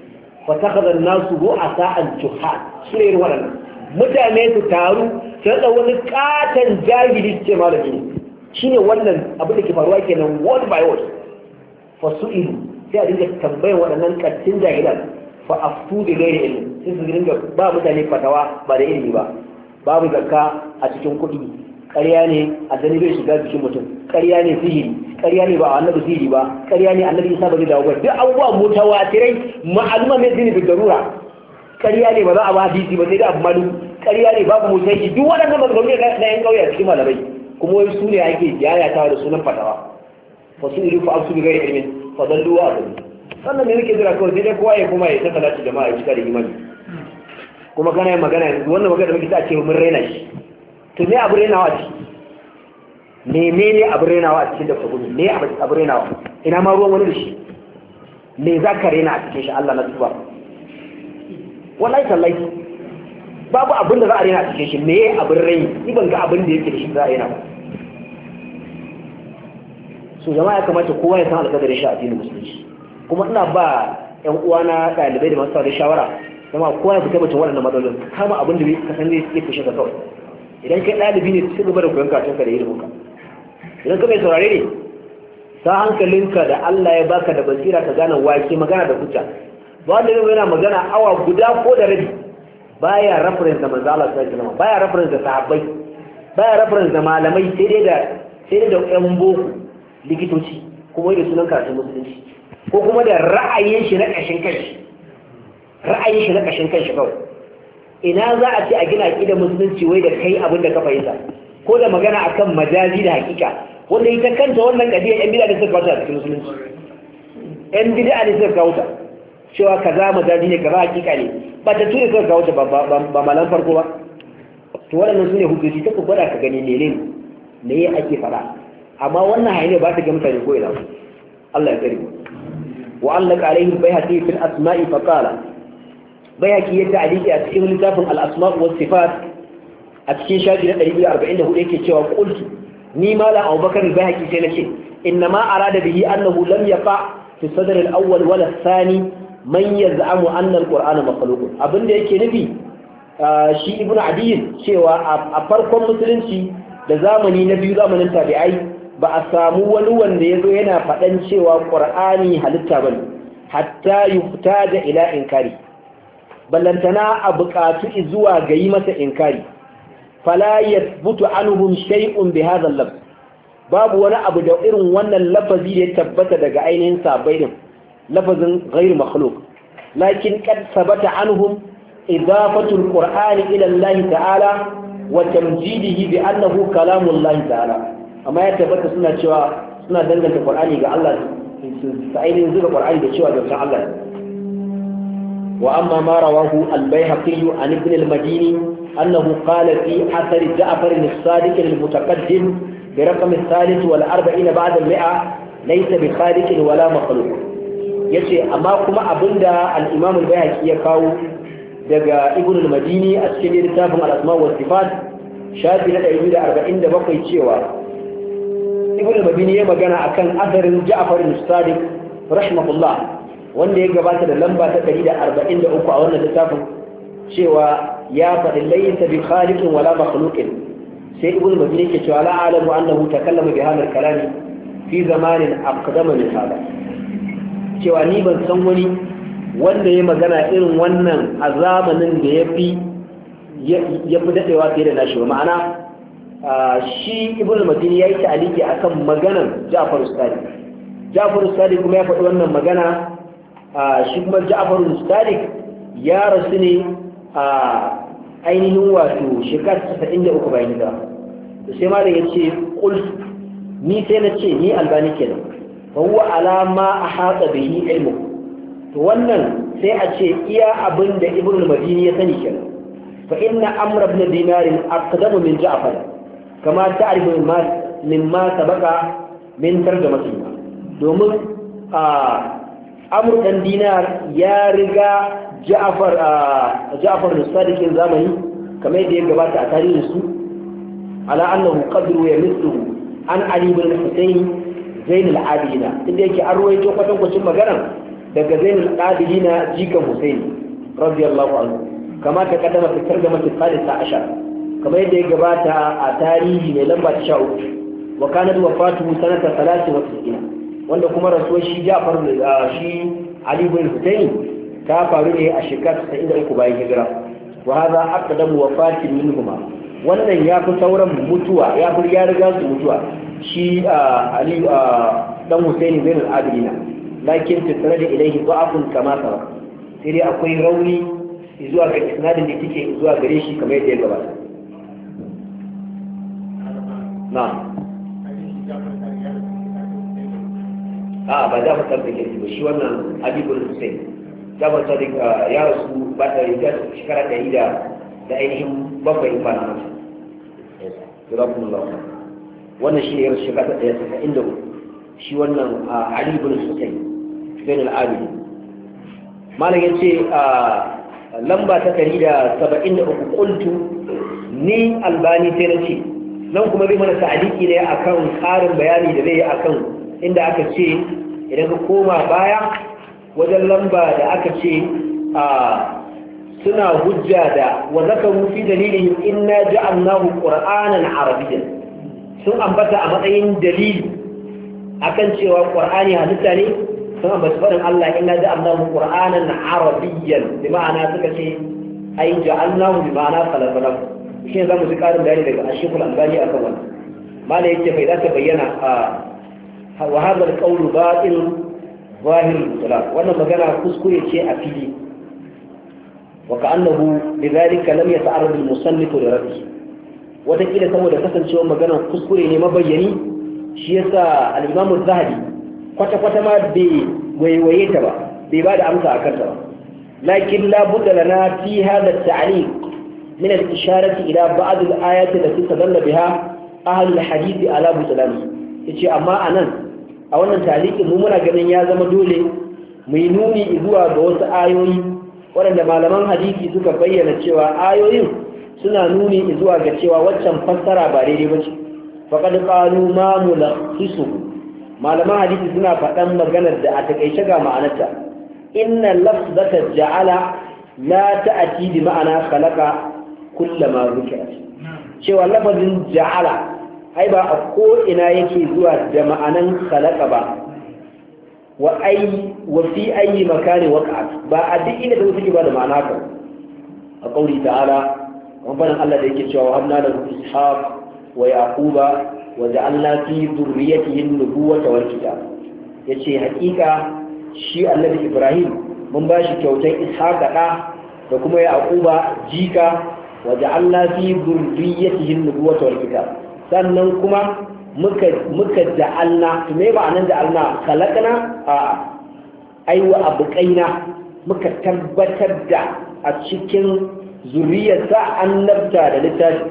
fa takhadha an-nasu sa'an su juhal yin waɗannan mutane su taru su da wani katon jahili ce malami ne wannan abin da ke faruwa kenan word by word fa ilu sai a dinga tambayar waɗannan kattin jahilan fa a aftu da gairi ilu sai su dinga ba mutane fatawa ba da ilimi ba babu zakka a cikin kuɗi ƙarya ne aljani bai shiga jikin mutum ƙarya ne sihiri ƙarya ne ba a annabi sihiri ba ƙarya ne annabi isa ba zai dawo ba duk abubuwa mutawatirai ma'aluma mai dini da darura ƙarya ne ba za a ba hadisi ba sai da abu malu ƙarya ne babu yi duk waɗannan maganganu na yan ƙauye a cikin malamai kuma wai su ne ake ta da sunan fatawa fa su iri fa asu bi ilimin ilmin fa dallu wa abu sannan ne nake jira kawai sai dai kowa ya kuma ya ta ci jama'a ya cika da imani kuma kana yin magana yanzu wannan magana da muke ta ce mun raina shi to me abu renawa ce ne abu renawa a cikin da gudu me abu renawa ina ma ruwan wani da shi me za ka rena a cikin shi Allah na tuba wallahi tallahi babu abin da za a rena a cikin shi me abin rai iban ban ga abin da yake da shi za a rena ba so jama'a ya kamata kowa ya san alƙadarin shi a addinin musulunci kuma ina ba ƴan uwana ɗalibai da masu da shawara jama'a kowa ya fita mutum waɗannan matsalolin kama abin da ka kasance ya fi shi da kawai idan kai ɗalibi ne ci gaba da koyon ka da ilimin ka idan ka mai saurare ne sa hankalinka da Allah ya baka da basira ka gane wake magana da kuta ba wanda yau yana magana awa guda ko da rabi baya reference da manzo Allah sallallahu alaihi baya reference da sahabbai baya reference da malamai sai dai da sai dai da ƴan boko likitoci kuma da sunan karatun musulunci ko kuma da ra'ayin shi na ƙashin kai ra'ayin shi na ƙashin shi kawai ina za a ce a gina aƙidar musulunci wai da kai abin da ka fahimta ko da magana akan majazi da hakika wanda ita kanta wannan kadiyar yan bid'a da suka kawo ta cikin musulunci yan bid'a ne suka kawo ta cewa kaza majazi ne kaza hakika ne ba ta tuni suka kawo ta ba malan farko ba to waɗannan su ne hujjoji ta gwada ka gani ne ne ne ya ake fara amma wannan hanyar ba ta ga mutane ko ina Allah ya tsare wa allaka alaihi bayhaqi fil asma'i fa qala bayaki yadda aliki a cikin littafin al-asma' sifat a cikin shafi na 244 yake cewa qultu ni mala abubakar bayaki sai nace inna ma arada bihi annahu lam yaqa fi sadr awwal wala sani thani man yaz'amu anna al-qur'ana makhluq abinda yake nufi shi ibnu adiy cewa a farkon musulunci da zamani na biyu zamanin tabi'ai ba a samu wani wanda ya zo yana faɗan cewa ƙur'ani halitta ba ne hatta yi fita da ila kari. ballantana a buƙatu zuwa ga yi masa inkari fala yathbutu anhum shay'un bi hadha al babu wani abu da irin wannan lafazi da ya tabbata daga ainihin sabai din lafazin ghairu makhluq lakin qad sabata anhum idafatu al-qur'ani ila Allah ta'ala wa tamjidihi bi annahu kalamu Allah ta'ala amma ya tabbata suna cewa suna danganta qur'ani ga Allah su ainihin zuba qur'ani da cewa da Allah وأما ما رواه البيهقي عن ابن المديني أنه قال في أثر جعفر الصادق المتقدم برقم الثالث والأربعين بعد المئة ليس بخالق ولا مخلوق yace amma kuma abinda al-Imam al-Baihaqi ya kawo daga Ibn al-Madini a cikin littafin al-Asma wa Sifat shafi na 147 cewa Ibn al-Madini ya magana akan asarin Ja'far al-Sadiq rahimahullah wanda ya gabata da lamba ta 143 a wannan littafin cewa ya faɗi laysa bi khaliqin wala makhluqin sai ibnu majid yake cewa la alamu annahu takallama bi hadha kalami fi zamanin aqdama min hada cewa ni ban san wani wanda ya magana irin wannan a zamanin da ya fi ya fi daɗewa fiye da nashi ma'ana shi ibn madini ya yi ta'aliki a kan maganan jafar ustadi jafar ustadi kuma ya faɗi wannan magana a kuma ja'afarun sadiq ya rasu ne a ainihin wato shekar 93 bayan hijira to sai malam ya ce kul ni sai na ce ni albani kenan fa huwa a ma ahata yi ilmu to wannan sai a ce iya abin da ibnu madini ya sani kenan fa inna amr ibn dinar aqdamu min ja'far kama ta'rifu min mimma sabaqa min tarjamatihi domin a amur dinar ya riga ja'afar ja'far Sadikin zamani kamar da ya gabata a tarihin su ala annahu qadru ya mislu an ali bin husayn zainul abidina inda yake an ruwaito kwacin maganar daga zainul abidina jikan husayn radiyallahu anhu kama ta kaddama fitar da mace salisa ashar kamar yadda ya gabata a tarihi mai lamba ta sha uku wa kanat wafatu sanata wanda kuma rasuwar shi jafar ah, shi ali bin husayn ta faru ne a shekara 93 bayan hijira wa haza aqdamu wafatin minhuma wannan ya fi sauran mutuwa ya fi ya riga su mutuwa shi ah, ali ah, dan husayn bin al-adina lakin tattare da ilaihi da'afun kama sara sai dai akwai rauni zuwa ga isnadin da kike zuwa gare shi kamar yadda ya gabata na'am a ba za mu da kirki ba shi wannan habibul hussein jafar sadiq ya rasu ba da rigar shekara ɗari da da ainihin bakwai kwana masu jazakumullah wannan shi ne ya rasu ta daya ta inda shi wannan habibul hussein bin al'adu malam ya ce lamba ta ɗari da saba'in da uku kuntu ni albani sai na ce nan kuma zai mana ta'aliki ne akan ƙarin bayani da zai yi akan inda aka ce idan ka koma baya wajen lamba da aka ce a suna hujja da wa zakaru rufi dalilin inna ja'alnahu qur'anan arabiyyan sun ambata a matsayin dalili akan cewa qur'ani halitta ne sun ambata fadin Allah inna ja'alnahu qur'anan arabiyyan bi ma'ana suka ce ai ja'alnahu bi ma'ana khalaqnahu shi ne zamu ji karin bayani daga Ashiful Albani akan wannan malai yake bai za bayyana a wa hadha al-qawlu batil zahir al wannan magana kuskure ce a fili wa ka'annahu lidhalika lam yata'arrad al-musannif li raddi wata saboda kasancewar magana kuskure ne mabayyani shi yasa al-imam az kwata kwata ma bai waiwaye ba bai ba da amsa akan ta ba lakin la budda lana fi hadha at-ta'liq من الإشارة إلى بعض الآيات التي تدل بها a الحديث على بطلانه يجي أما أنا a wannan talikin mu muna ganin ya zama dole mu yi nuni zuwa ga wasu ayoyi waɗanda malaman hadisi suka bayyana cewa ayoyin suna nuni zuwa ga cewa waccan fassara ba daidai ba ce faƙad ƙalu ma hisu malaman hadisi suna faɗan maganar da a takaice ga ma'anarta inna lafzata ja'ala la ta'ati bi ma'ana khalaqa kullama zikrat cewa lafazin ja'ala ai ba a ko'ina yake zuwa da ma'anan khalaqa ba wa ai wa fi ayi makani waqa'at ba a duk inda ta take ba da ma'ana ka a ta ta'ala wannan Allah da yake cewa wa hamna da ishaq wa yaquba wa ja'alna fi dhurriyyatihi an-nubuwata wal kitab yace hakika shi Allah da Ibrahim mun ba shi kyautar ishaq da da kuma yaquba jika wa ja'alna fi dhurriyyatihi an-nubuwata wal kitab sannan kuma muka ja'alna me ba nan ja'alna kalakana a aiwa abuƙaina muka tabbatar da a cikin zuriyarsa annabta da littafi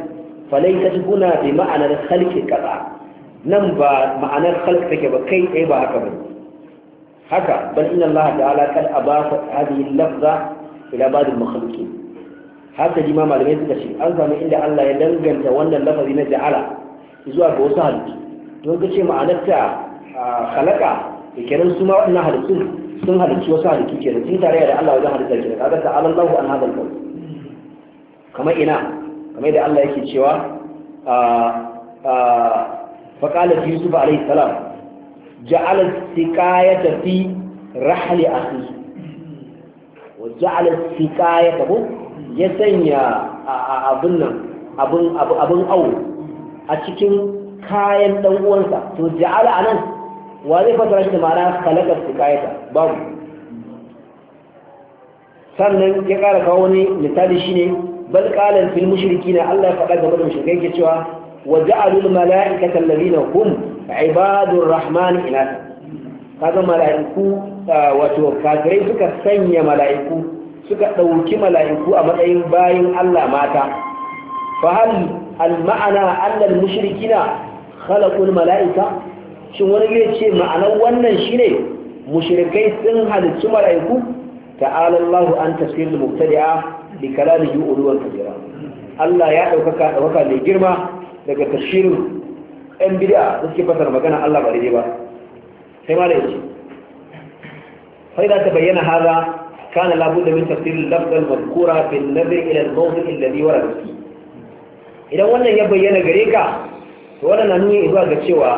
falaikat guna bi ma'anar halki kaza nan ba ma'anar halki take ba kai tsaye ba haka ba haka bal inna Allah ta'ala kad abafa hadhihi lafza ila ba da makhluqin haka jima malamai suka ce an samu inda Allah ya danganta wannan lafazi na ja'ala zuwa ga wasu halittu don ka ce ma'anarta a halaka da kenan su ma wannan halittun sun halittu wasu halittu kenan sun tarayya da Allah wajen halittar kenan kaga ta Allah an hadal kau kamar ina kamar da Allah yake cewa a faqala yusuf alayhi salam ja'ala siqayata fi a su wa ja'ala siqayata ya sanya abin nan abun abin awu a cikin kayan dan uwansa to ja'ala anan wa zai fasara shi da ma'ana su sikayata babu sannan ya kara kawo wani misali shine bal qalan fil mushrikina Allah ya faɗa game da mushrikai yake cewa wa ja'alul mala'ika alladhina hum ibadur rahman inasa kaga mala'iku wato kafirai suka sanya mala'iku suka ɗauki mala'iku a matsayin bayin Allah mata فهل المعنى أن المشركين خلقوا الملائكة shin wani zai ce ma'anar wannan shine mushrikai sun halittu mala'iku ta'ala Allahu an tafsirul mubtadi'a bi kalamihi uluwan kabira Allah ya ɗaukaka ɗaukaka mai girma daga tafsirin ɗan bid'a da suke fasara magana Allah ba daidai ba sai ma da yace fa ta bayyana hada kana labudda min tafsiril lafzal madhkura fi an-nazr ila al-mawdi' alladhi warada fihi idan wannan ya bayyana gare ka to wannan na nuni zuwa ga cewa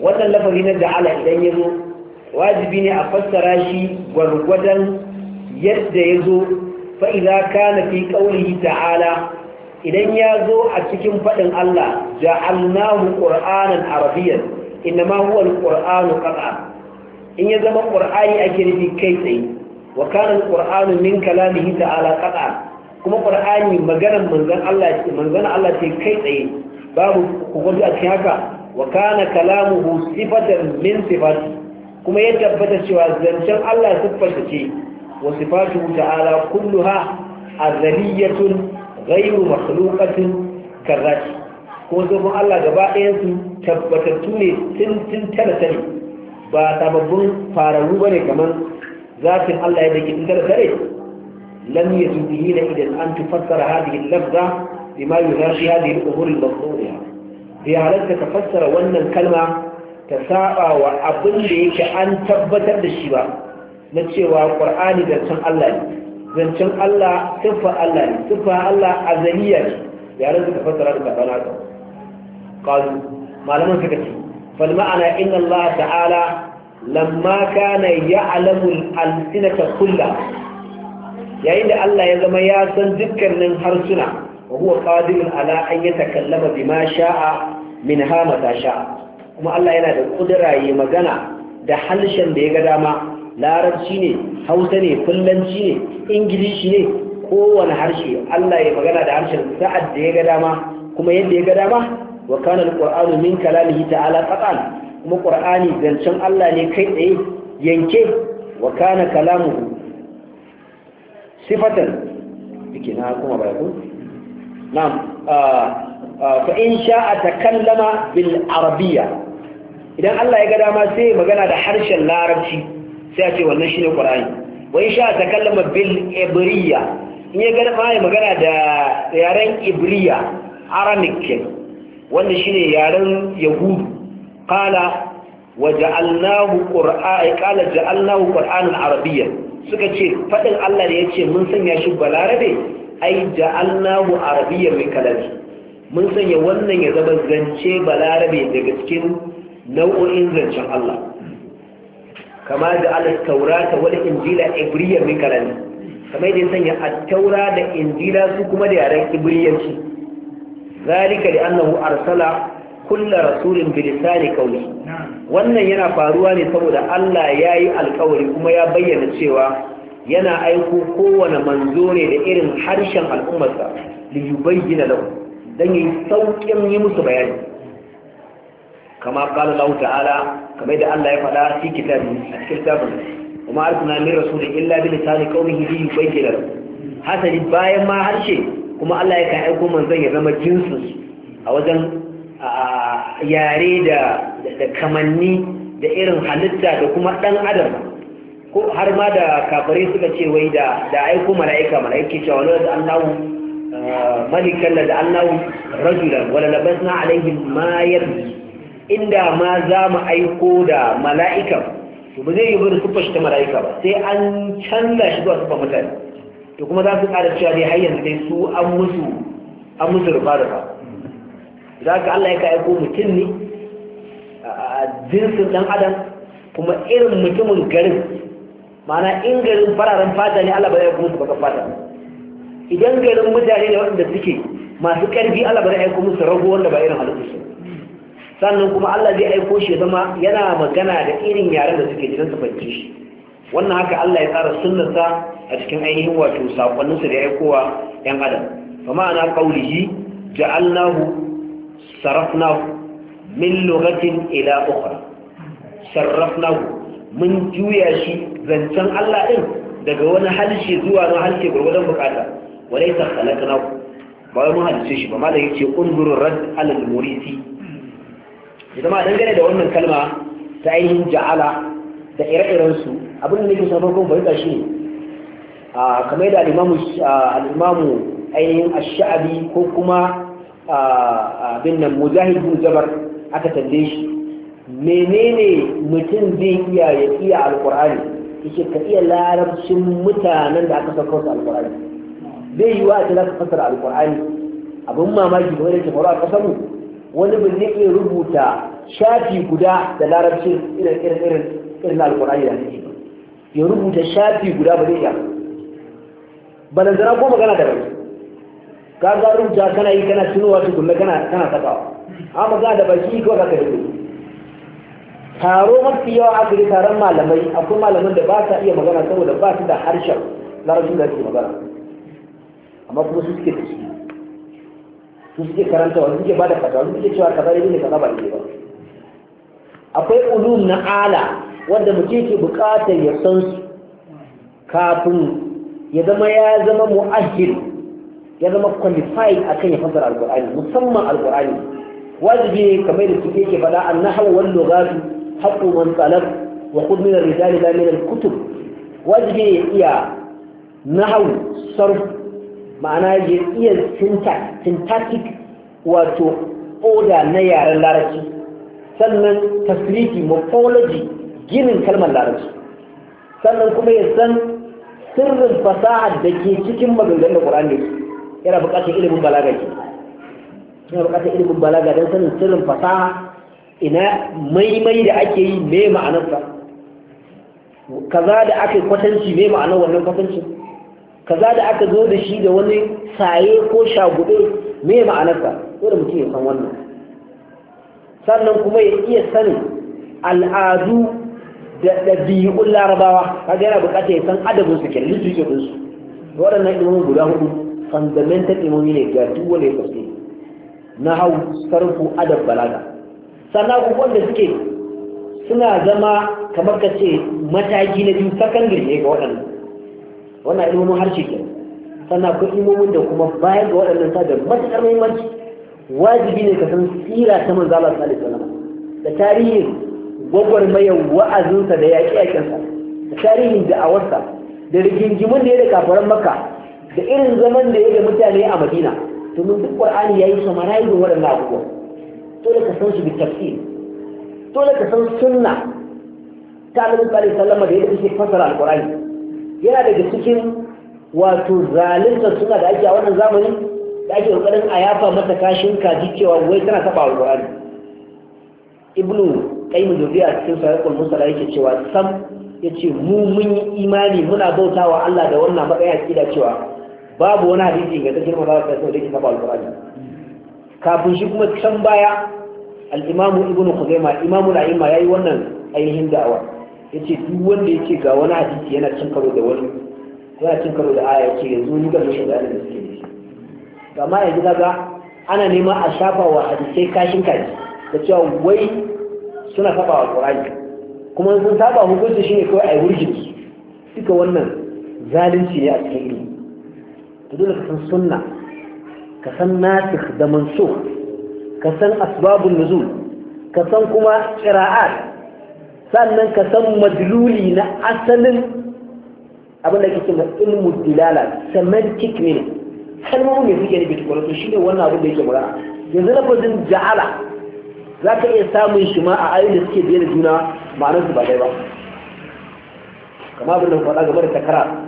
wannan lafazi na da'ala idan ya zo wajibi ne a fassara shi gwargwadon yadda ya zo fa'iza ka na fi ƙaunihi ta'ala idan ya zo a cikin faɗin Allah ja'alnahu ƙur'anan arabiyyar inda ma huwa ƙur'anu ƙasa in ya zama ƙur'ani ake nufi kai tsaye wa kanan ƙur'anu min kalamihi ta'ala ƙasa kuma qur'ani maganar manzon Allah ce manzon Allah ce kai tsaye babu kokobi a cikin haka wa kana kalamuhu sifatan min sifat kuma ya tabbata cewa zancen Allah siffarsa ce wa sifatu ta'ala kulluha azaliyatun ghayru makhluqatin karrati ko zafin Allah gaba ɗayan su tabbatattu ne tun tun tare tare ba sababbin fararu bane kamar zatin Allah ya dake tun tare tare لم يجد حينئذ أن تفسر هذه اللفظة بما ينافي هذه الأمور المطلوبة في حالتك تفسر وأن الكلمة تساء وأبن لك أن تبتر للشباب نتشوى القرآن ذنشان الله ذنشان الله صفة الله صفة الله أزلية في حالتك تفسر هذه اللفظة قالوا ما لم نفكتي فالمعنى إن الله تعالى لما كان يعلم الألسنة كلها yayin da Allah ya zama ya san dukkanin harsuna wa huwa qadirun ala an yatakallama bima sha'a min ha ma sha'a kuma Allah yana da kudura yi magana da halshen da ya ga dama larabci ne hausa ne fullanci ne ingilishi ne kowane harshe Allah ya magana da harshen sa'ad da ya ga dama kuma yadda ya ga dama wa kana alqur'anu min kalamihi ta'ala qatan kuma qur'ani zancen Allah ne kai tsaye yanke wa kana kalamuhu sifatan yake na kuma bai ku na'am ah, ah, fa in sha'a takallama bil arabiya idan Allah ya ga dama sai magana da harshen larabci sai a ce wannan shine qur'ani wa in sha'a takallama bil ibriya in ya ga dama magana da yaren ibriya aramic wanda shine yaren yahudu qala وجعلناه قرآن قال جعلناه قرآنا عربيا suka ce faɗin Allah da ya ce mun sanya shi balarabe ai ja'alnahu arabiyyan min kalami mun sanya wannan ya zama zance balarabe daga cikin nau'o'in zancen Allah kama da Allah ta wani injila ibriyyan min kalami kamar da ya sanya at-taura da injila su kuma da yaren ibriyanci zalika li annahu arsala kulla rasulin bilisani kauli wannan yana faruwa ne saboda Allah ya yi alkawari kuma ya bayyana cewa yana aiko kowane manzo ne da irin harshen al'ummarsa da yubayyana lahu don yi sauƙin yi musu bayani kama kala lahu ta'ala kamar yadda Allah ya faɗa fi kitabin a cikin kitabin kuma arsuna min rasulin illa bilisani qaumihi li yubayyana lahu hasali bayan ma harshe kuma Allah ya kan aiko manzon ya zama jinsin a wajen yare da kamanni da irin halitta da kuma ɗan adam ko har ma da kafare suka ce wai da aiko mala'ika mala'iki cewa wani da allahu eh, malikan da allahu rajula wani labas na alayhim ma inda ma za mu aiko da mala'ika to ba zai yi wani sufa shi ta mala'ika ba sai an canza shi zuwa sufa mutane to kuma za su ƙara cewa dai har yanzu dai su an musu an musu rufa za ka Allah ya ka aiko mutum ne a jinsin ɗan adam kuma irin mutumin garin mana in garin fararen fata ne Allah ba zai aiko musu baka fata idan garin mutane ne waɗanda suke masu ƙarfi Allah ba zai aiko musu rago wanda ba irin halittu su sannan kuma Allah zai aiko shi zama yana magana da irin yaren da suke jiran su fahimci shi wannan haka Allah ya tsara sunnarsa a cikin ainihin wato sakonninsa da ya aikowa 'yan adam fa ma'ana qaulihi ja'alnahu sarrafnahu min lughatin ila ukhra sarrafnahu mun juya shi zancen Allah din daga wani halshe zuwa wani halshe gurgurdan bukata ta khalaqnahu ba wai mun shi ba malai yace unzur rad al-murisi idan ma dangane da wannan kalma ta ainihin ja'ala da ire-irensu abin da nake sabon kuma ta shi ne kamar da al'imamu a ash ko kuma abin nan mujahid bin jabar aka tambaye shi menene mutum zai iya ya iya alkur'ani yake ka iya larabcin mutanen da aka sauka su alkur'ani zai yi wa ta za fasara alqur'ani abin mamaki game da ke faru a kasar mu wani bin zai iya rubuta shafi guda da larabcin irin irin irin irin alkur'ani da ne ya rubuta shafi guda ba zai iya ba. zara ko magana da rai ka ga rubuta kana yi kana tunowa tukunna kana kana sakawa amma ga da baki ko ka ka rubuta taro mafi yawa aka yi taron malamai akwai malaman da ba sa iya magana saboda ba su da harshen larabcin da suke magana amma kuma su suke da shi su suke karanta wani suke ba da fata wani suke cewa kaza ne kaza ba ne ba akwai ulum na ala wanda mutum ke bukatar ya san su kafin ya zama ya zama mu'ahil ya zama qualified akan ya fassara alqur'ani musamman alqur'ani wajibi ne kamar da suke yake faɗa an-nahwu wal lughatu haqqu man talab wa khudh min ar-rijali la min al-kutub wajibi ne iya nahwu sarf ma'ana ya iya syntax syntactic wato order na yaren larabci sannan tasriti morphology ginin kalmar larabci sannan kuma ya san sirrin fasahar da ke cikin maganganun da ƙur'ani yana buƙatar ilimin balaga ke yana bukatar ilimin balaga don sanin sirrin fasaha ina maimai da ake yi me ma'anarsa kaza da aka kwatanci me ma'anar wannan kwatancin kaza da aka zo da shi da wani saye ko shagube me ma'anarsa dole mutum ya san wannan sannan kuma ya iya sanin al'adu da ɗabi'un larabawa kaga yana buƙatar ya san adabinsu ke literature ɗinsu waɗannan ilimin guda hudu fundamental imomi ne ga duk wanda ya tafsiri na hau sarfu adab balaga sannan abubuwan da suke suna zama kamar ka ce mataki na biyu sakan ne ga waɗannan wannan ilmomin harshe ke sannan akwai ilmomin da kuma bayan ga waɗannan sa da matuƙar muhimmanci wajibi ne ka san tsira ta manzo Allah sallallahu alaihi wasallam da tarihin gwagwarmayar wa'azinsa da yaƙi-yaƙinsa da tarihin da'awarsa da rigingimin da ya da kafaran maka da irin zaman da ya ga mutane a madina domin duk qur'ani yayi samarai da waɗannan abubuwa dole ka san su bi tafsir dole ka san sunna ta annabi sallallahu alaihi wasallam da yadda take fasara alqur'ani yana daga cikin wato zalunta suna da ake a wannan zamani da ake kokarin a yafa masa kashin kaji cewa wai tana taba alqur'ani ibnu qayyim a cikin sahihul musala yake cewa sam yace mu mun yi imani muna bautawa Allah da wannan matsayin akida cewa babu wani hadisi ga tafiyar maza da sau da yake saba alkurani kafin shi kuma can baya al'imamu ibnu khuzaima imamu la'ima ya yi wannan ainihin da'awa yace duk wanda ya ce ga wani hadisi yana cin karo da wani yana cin karo da aya ce yanzu ni ga rashin da da suke da amma yanzu kaga ana nema a shafa wa hadisai kashin kaji da cewa wai suna saba wa qur'ani kuma sun saba hukunci shine kawai a yi wurgin suka wannan zalunci ne a cikin ilimi to dole ka san sunna ka san nasikh da mansukh ka san asbabun nuzul ka san kuma qira'at sannan ka san madluli na asalin abin da kake ilmu dilala semantic meaning kalmomin ne suke da bitkwana to shine wannan abin da yake magana yanzu lafazin ja'ala za ka iya samun shi ma a ayoyin da suke biye da juna ma'anar su ba dai ba kama abin da faɗa game da takara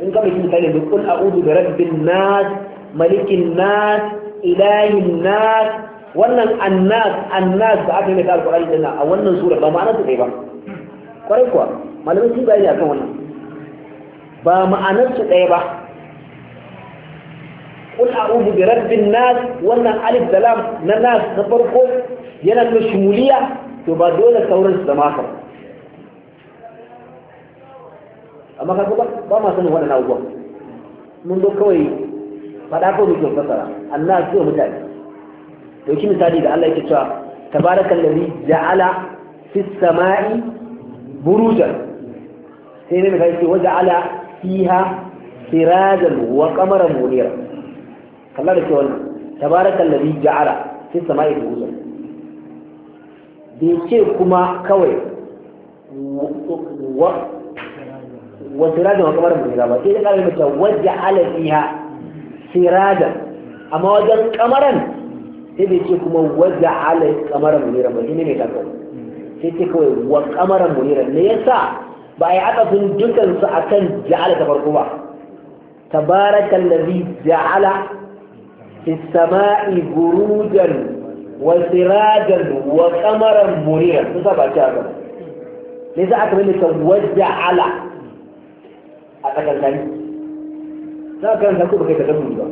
in ka mai misali da a udu da rabbin nas malikin nas ilahin nas wannan annas annas da aka yi ta alkurani din a wannan sura ba ma'anar su ɗaya ba kwarai kuwa malamai sun bayani akan wannan ba ma'anar su ɗaya ba kul a'udhu bi rabbin nas wannan alif da lam na nas na farko yana da shimuliya to ba dole sauran su zama haka amma kaga ba ba ma sanin waɗannan abubuwa mun zo kawai faɗa ko muke fasara Allah ya mutane dauki misali da Allah yake cewa tabarakallazi ja'ala fis sama'i burujan sai ne kai ce waja'ala fiha sirajan wa qamaran munira kallar da ke wannan tabarakallazi ja'ala fis sama'i burujan bai ce kuma kawai wasirajan wa kamar mutum ba sai ta ƙarar mace wajen alafiha sirajan amma wajen kamaran sai bai ce kuma wajen alafi kamaran muniran ba shi ne mai kakau sai ce kawai wa kamaran muniran ne ya sa ba a yi akafin dukansu a kan ja'ala ta farko ba tabarakan lazi ja'ala fi sama'i gurujan wa sirajan wa kamaran muniran sun sa ba ce haka ne za a kamar da wajen ala a ƙasar gani za ka karanta ko baka ka mun ba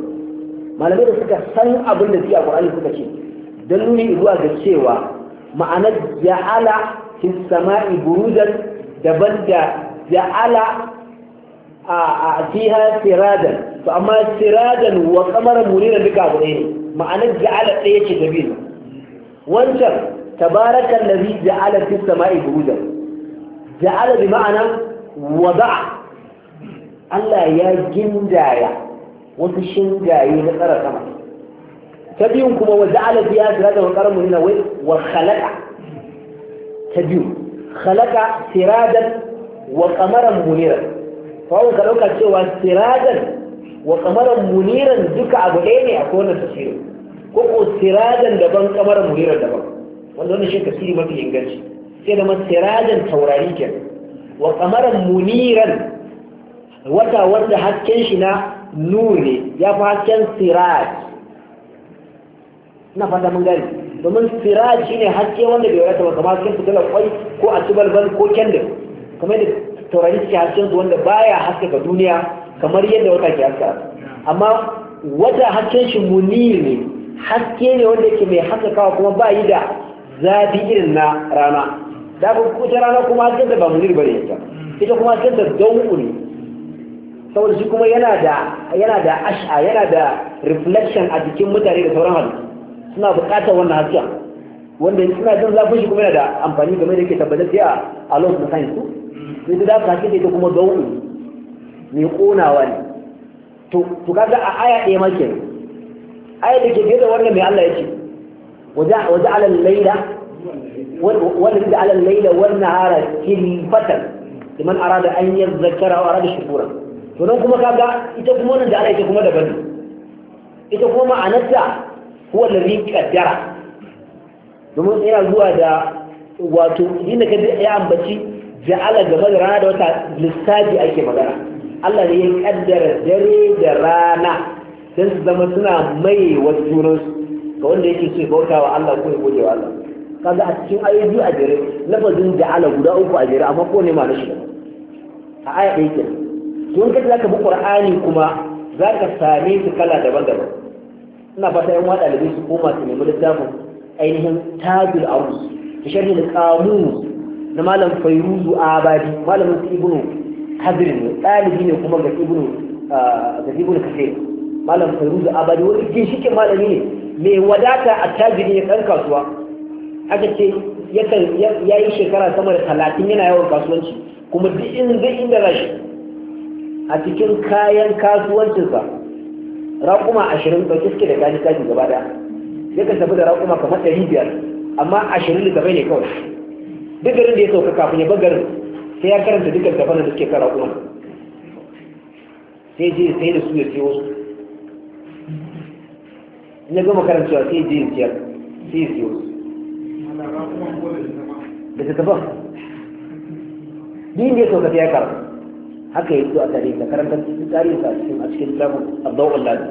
malamai da suka san abin da a ƙwararri suka ce don nuni zuwa ga cewa ma'anar ja'ala fi sama'i burujan daban da ja'ala a fiha siradan to amma siradan wa kamaran muniran duka abu ne ma'anar ja'ala ɗaya ce dabi wancan tabarakan da zai ja'ala fi sama'i burujan ja'ala bi ma'ana wada'a Allah ya gindaya wasu shingaye na tsara sama ta biyun kuma wa ja'ala fiha sirajan wa qamara munira wai wa khalaqa ta biyu khalaqa sirajan wa qamaran muniran. kawai ka dauka cewa sirajan wa qamaran muniran duka abu ɗaya ne a kowane tafsiri ko ko sirajan daban qamaran muniran daban wanda wannan shi tafsiri mafi inganci sai da ma sirajan taurari kenan wa qamaran muniran wata wanda hasken shi na nuri ne ya fi hasken siraj na fata mun gani domin siraj ne haske wanda bai rasa ba kamar hasken fitilar kwai ko a ci balbal ko kendir kamar yadda taurari ke hasken su wanda baya ga duniya kamar yadda wata ke haska amma wata hasken shi muni ne haske ne wanda yake mai haskakawa kuma ba yi da zafi irin na rana da kuta rana kuma hasken da ba munir bane ita ita kuma hasken da dau'u ne saboda shi kuma yana da ash'a yana da reflection a jikin mutane da sauran halittu suna buƙatar wannan hasken wanda suna jin zafin shi kuma yana da amfani game da ke tabbatar da a laws na science su sai da haka haske ta kuma zau'u mai konawa ne to kaga a aya ɗaya make aya da ke da wannan mai Allah ya ce وجعل الليل ولد wannan الليل والنهار خلفة لمن أراد أن يذكر أو أراد شكورا to nan kuma kaga ita kuma wannan da ana ita kuma daban ita kuma ma'anarta huwa ladhi kaddara domin yana zuwa da wato inda ka ya ambaci ja'ala game da rana da wata lissafi ake magana Allah ne ya kaddara dare da rana don su zama suna mai wasu junansu ga wanda yake so bauta wa Allah ko ya gode wa Allah kaga a cikin ayoyi a jere lafazin ja'ala guda uku a jere amma ko ne ma na shi a aya ɗaya kenan don kada zaka bi qur'ani kuma zaka same su kala daban-daban ina fata yan wada dalibi su koma su nemi littafin ainihin tajul arus sharhi da kamu na malam fayruzu abadi malamin su ibnu kadir ne dalibi ne kuma ga ibnu ah, ga ibnu kadir malam fayruzu abadi wani ginshikin malami ne mai wadata a tajiri ya ɗan kasuwa aka ce yakan yayi shekara sama da talatin yana yawan kasuwanci kuma duk inda zai inda rashi a cikin kayan kasuwancinsa raƙuma ashirin ba kiski da kaji kaji gaba daya ya kan tafi da raƙuma kamar ɗari biyar amma ashirin da littafai ne kawai duk garin da ya sauka kafin ya garin sai ya karanta dukkan tafanin da suke kan raƙuma sai je sai da su ya ce wasu, in ya gama karantawa sai je ya ce sai ya da ta tafa din da ya sauka sai ya karanta haka ya zo a tare da karantar cikin tarihi a cikin a cikin lafin abdawul ladi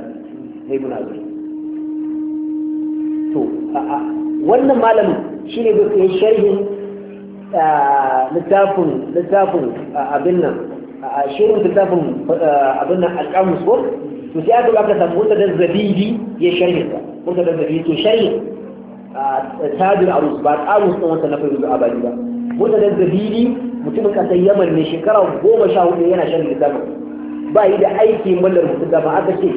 sai muna zai to a'a wannan malamin shine da ke sharhin littafin littafin abin nan a shirin littafin abin nan alƙamus ko to sai aka aka samu wanda da zabidi ya sharhin sa wanda da zabidi to sharhin tajir arus ba arus ɗin wata na fahimta abadi ba mutanen zabili mutumin kasar yamar ne shekara goma sha hudu yana shan littafin ba yi da aiki mallar mutum da ba aka ce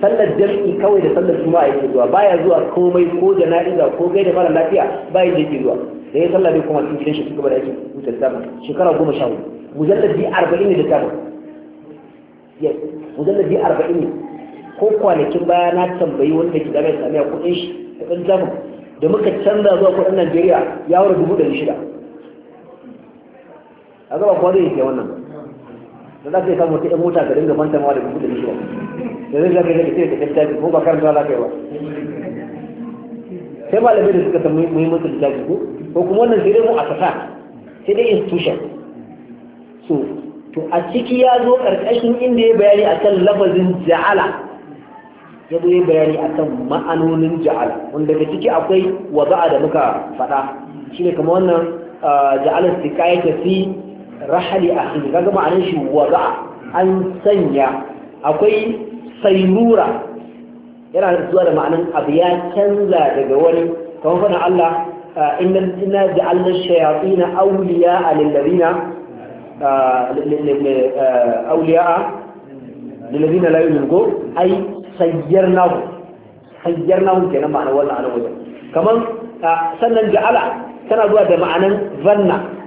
sallar jami'i kawai da sallar juma'a yake zuwa baya zuwa komai ko jana'iza ko gaida mara lafiya ba yi da yake zuwa da ya sallar dai kuma cikin gidan shi suka bada aikin mutar littafin shekara goma sha hudu mujallar bi arba'in ne da littafin yes mujallar bi arba'in ne ko kwanakin baya na tambayi wanda ke gaba islamiyya kuɗin shi da ɗan da muka canza zuwa kuɗin najeriya ya wura dubu ɗari shida a gaba ko zai yake wannan da za ka yi samu ta yan mota ka dinga manta ma da kuku da nishiwa da zai zaka yi zaka ce da littafi ko ba karanta za ka ba sai malamai da suka san muhimmancin littafi ko ko kuma wannan sai dai mu a kasa sai dai institution so to a ciki ya zo karkashin inda ya bayani a kan lafazin ja'ala ya zo ya bayani kan ma'anonin ja'ala wanda daga ciki akwai waza'a da muka faɗa shine kamar wannan ah, ja'alar su ta fi rahali akhi kaga ma'anar shi wada an sanya akwai sayrura yana zuwa da ma'anar abu ya canza daga wani kamar fana Allah inna inna ja'alna shayatin awliya lil ladina awliya lil ladina la yu'minun ay sayyarnahu sayyarnahu kenan ma'anar wannan alwaji kamar sannan ja'ala tana zuwa da ma'anar zanna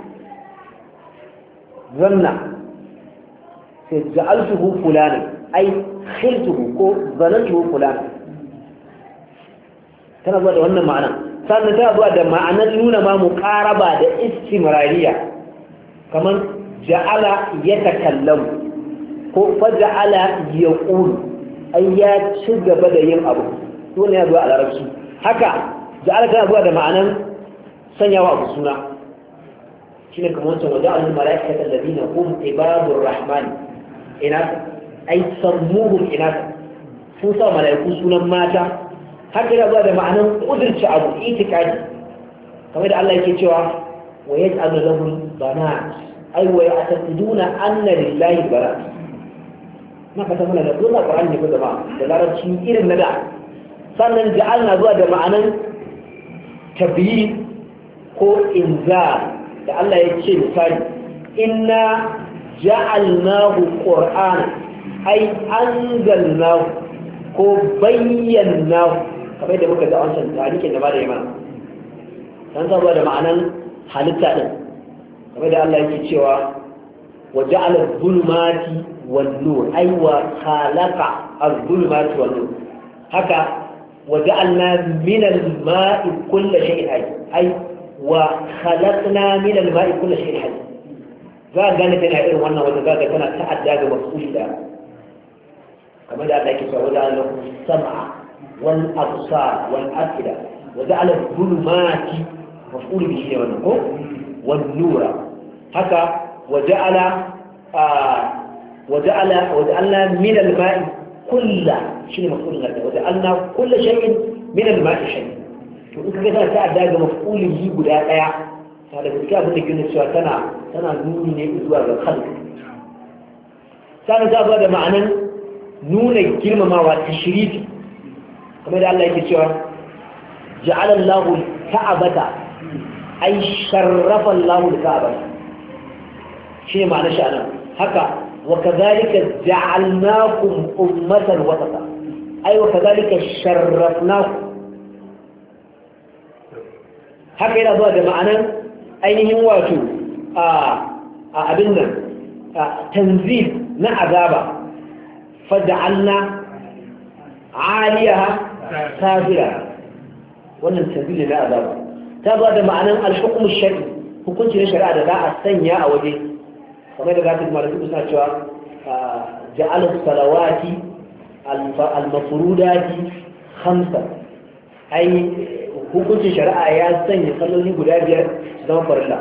zanna sai ja'altuhu fulana ai khiltuhu ko zanantuhu fulana tana zuwa da wannan ma'ana sannan tana zuwa da ma'anar nuna ma mu muqaraba da istimrariya kamar ja'ala yatakallamu ko fa ya yaqulu ai ya ci gaba da yin abu dole ya zuwa a larabci haka ja'ala tana zuwa da ma'anar sanyawa abu suna shine kamar wancan wajen alul mala'ikata alladhina hum ibadur rahman ina ai Sammuhu, ina sun sa mala'iku sunan mata har da zuwa da ma'anan kudurci abu itikadi kamar da Allah yake cewa wa yaj'alu lahum banat ai wa ya'taqiduna anna lillahi bara. na fata mana da dole Qur'ani ko jama'a da larabci irin na da sannan ja'alna zuwa da ma'anan tabiyin ko inzar da Allah ya ce misali inna ja'alnahu qur'ana ai anzalnahu ko bayyanahu kamar da muka ga wancan tarihin da ba da yamma dan saboda da ma'anan halitta din kamar da Allah yake cewa wa ja'ala zulmati wan nur ai wa khalaqa az-zulmati wan nur haka wa ja'alna min al-ma'i kulli shay'in ai wa khalaqna min al-ma'i kullu shay'in hayy za a gane tana irin wannan wanda za ka tana ta'adda ga masu da kamar da Allah ke cewa wajen Allah sam'a wal absar wal afida wajen Allah zulmati mafulu bihi ne wannan ko wal nura haka wajen Allah wajen Allah wajen Allah min al-ma'i kullu shine mafulu da wajen Allah kulla shay'in min al-ma'i shay'in to in kaga ta ta'adda ga maf'ulin yi guda daya ta da gaskiya abin da gina cewa tana tana nuni ne zuwa ga khalq sanan ta ba da ma'anan nuna girmamawa tashrifi kamar da Allah yake cewa ja'ala Allahu ka'abata ay sharrafa Allahu ka'abata shine ma'anar shi anan haka wa وكذلك جعلناكم أمة وسطا أي أيوة وكذلك شرفناكم haka yana zuwa da ma'anan ainihin wato a abin nan tanzil na azaba fada'alna aliyaha safira wannan tanzil na azaba ta zuwa da ma'anan alhukumu shari'i hukunci na shari'a da za a sanya a waje kamar da zafin malafi suna cewa ja'alar salawati al-mafurudati hamsa ai hukuncin shari'a ya sanya salloli guda biyar su zama farilla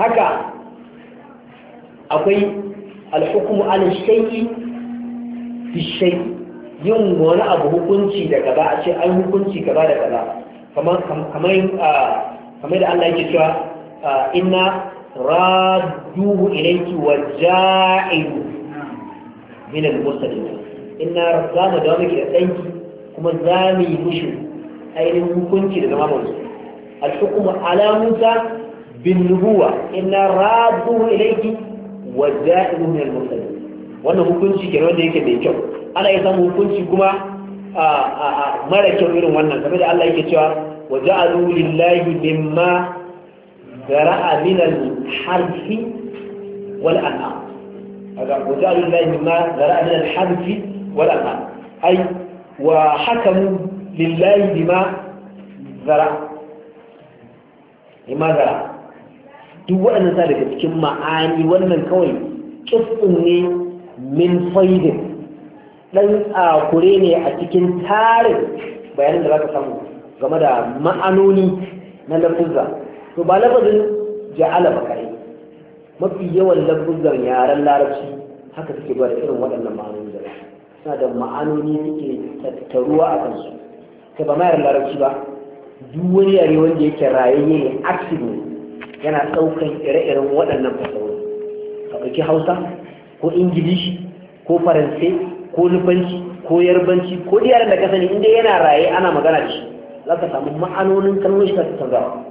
haka akwai alhukumu ala shay'i fi shay yin wani abu hukunci da gaba a ce an hukunci gaba da gaba kamar kamar da Allah yake cewa inna radduhu ilayki wa ja'ilu min al-mustaqim inna radduhu da wani ke danki kuma zamu yi mushi ainihin hukunci da zama manzo al-hukmu ala Musa bin nubuwa inna radduhu ilayki wa min al-mursalin wannan hukunci kenan wanda yake mai kyau ana iya samun hukunci kuma mara kyau irin wannan kamar da Allah yake cewa wa ja'alu lillahi mimma zara'a min al-harfi wal an'am wa ja'alu lillahi mimma zara'a min al-harfi wal an'am ai wa hakamu lillahi bima zara bima zara duk waɗannan sa daga cikin ma'ani wannan kawai kisin ne min faidin ɗan tsakure ne a cikin tarin bayanin da za ka samu game da ma'anoni na lafuzza to ba lafazin ja'ala ba kai mafi yawan lafuzzan yaren larabci haka suke ba da irin waɗannan ma'anoni da suna da ma'anoni suke tattaruwa a kansu kai ba mayar larabci ba duk wani yare wanda yake rayayye ne aksibu yana ɗaukan ire-iren waɗannan fasahohi ka ɗauki hausa ko ingilishi ko faransai ko nufanci ko yarbanci ko diyar da ka sani inda yana raye ana magana da shi za ka samu ma'anonin kalmomi shi ta canzawa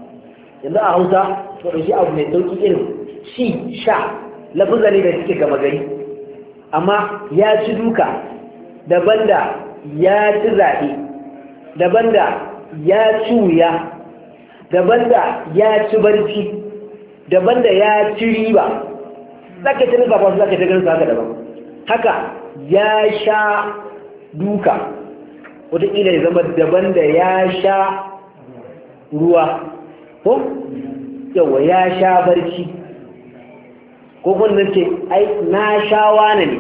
yanzu a hausa ka ɗauki abu mai sauƙi irin shi sha lafuzza ne da suke gama gari amma ya ci duka daban da ya ci zaɓe daban da ya ci wuya daban da ya ci barci daban da ya ci riba zaka ta nufa wasu zaka ta ganin haka daban haka ya sha duka wataƙila ya zama daban da ya sha ruwa ko yawa ya sha barci ko kuma ce ai na sha wane ne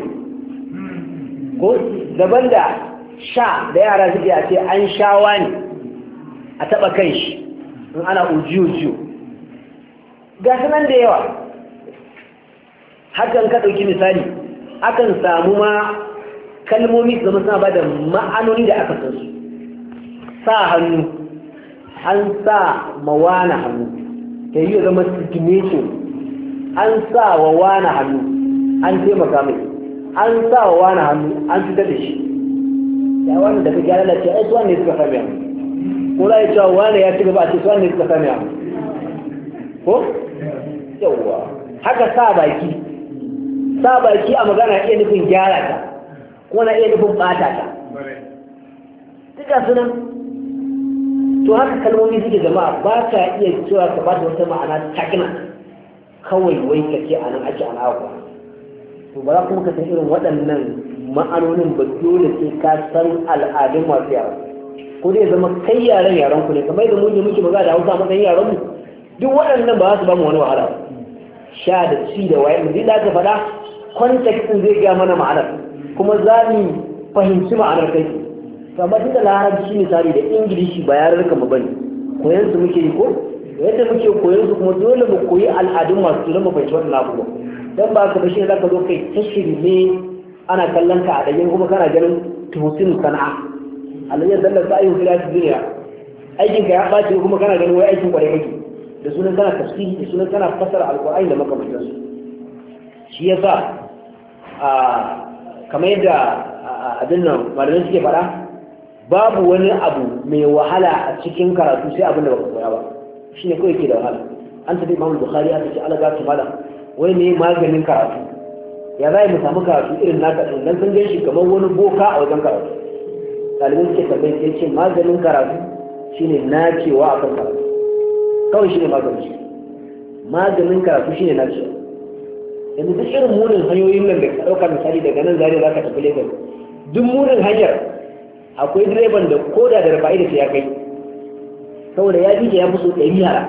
ko daban da sha da yara suke a ce an shawa ne a taɓa kan shi in ana ujiyu ga nan da yawa hakan ka ɗauki misali akan samu ma kalmomi su zama suna ba da ma'anoni da aka san su sa hannu an sa mawana hannu Ta yi zama signature an sa wa wana hannu an taimaka mai an sa wa wana hannu an fitar da shi ya wani da ka gyara da ce ai tuwan ne suka sami abu ko za a yi cewa wani ya ci gaba a ce tuwan ne suka sami abu ko yawwa haka sa baki sa baki a magana iya nufin gyara ta kuma na iya nufin bata ta duka suna to haka kalmomi suke zama ba ka iya cewa ka ba da wata ma'ana takina kawai wai ka ce a nan ake ana to ba za kuma ka san irin waɗannan ma'anonin ba dole sai ka san al'adun masu yara ko dai zama kai yaran yaran ku ne kamar yadda mun yi muke maza da hausa matsayin yaran mu duk waɗannan ba za su ba mu wani wahala sha da ci da waye mu da aka faɗa context din zai ga mana ma'anar kuma za mu fahimci ma'anar kai kamar duk da larabci misali da ingilishi ba yaran ka mu bane koyan su muke yi ko yadda muke koyan su kuma dole mu koyi al'adun masu dole mu fahimci wannan abubuwa dan ba ka ba za ka zo kai tashiri ne ana kallon ka a ɗanyen kuma kana ganin tuhusin sana'a alayyar dallar sa'ayin filafi duniya aikin ka ya baci kuma kana ganin wai aikin kwarai kake da sunan kana tafsiri da sunan kana fasara alƙur'ani da su shi ya sa kamar yadda abin nan malamai suke faɗa babu wani abu mai wahala a cikin karatu sai abin da ba ku koya ba ne kawai ke da wahala an tafi imam bukhari a cikin alaga tumala wai ne maganin karatu ya za mu samu karatu irin naka ɗin don sun gan shi kamar wani boka a wajen karatu ɗalibin suke tambayi ya ce maganin karatu shine nacewa a kan karatu kawai shine maganin shi maganin karatu shine nacewa yanzu duk irin munin hanyoyin nan da ka ɗauka misali daga nan zare za ka tafi lagos duk munin hanyar akwai direban da koda da rufa'i da ya kai saboda ya bi ya fi so ɗari yara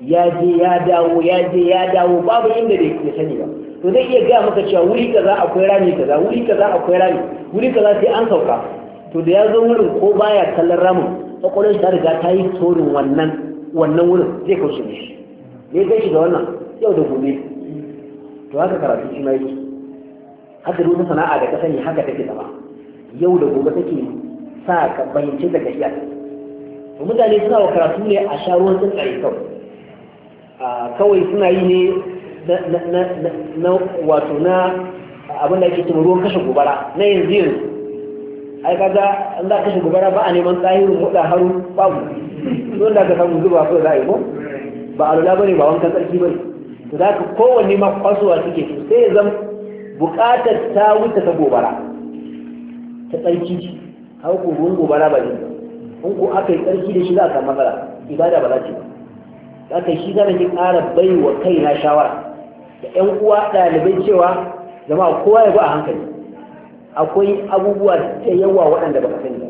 ya je ya dawo ya je ya dawo babu inda da ya sani ba to zai iya gaya maka cewa wuri kaza akwai rami kaza wuri kaza akwai rami wuri kaza sai an sauka to da ya zo wurin ko baya kallon ramin kwakwalwar ta riga ta yi torin wannan wannan wurin zai shi ne. me zai shi da wannan yau da gobe to haka karatu shi mai haka da wata sana'a da ka sani haka take zama yau da gobe take sa ka fahimci daga iya to mutane suna wa karatu ne a sharuwan tsuntsaye kawai kawai suna yi ne na wato na abin da ake cin ruwan kashe gobara na yanzu yanzu ai kaga an za kashe gobara ba a neman tsahirin mutsa haru babu don da ka samu zuba ko za a yi ko ba a lula bane ba wankan tsarki bane to za ka kowanne ma kwasuwa suke su sai ya zama bukatar ta wuce ta gobara ta tsarki hau ko ruwan gobara ba ne in ko aka yi tsarki da shi za a samu matsala ibada ba za ta yi ba za ka shi zama ki ƙara bai wa kaina shawara da 'yan uwa ɗalibai cewa zama kowa ya ba a hankali akwai abubuwa da yawa waɗanda ba sani ba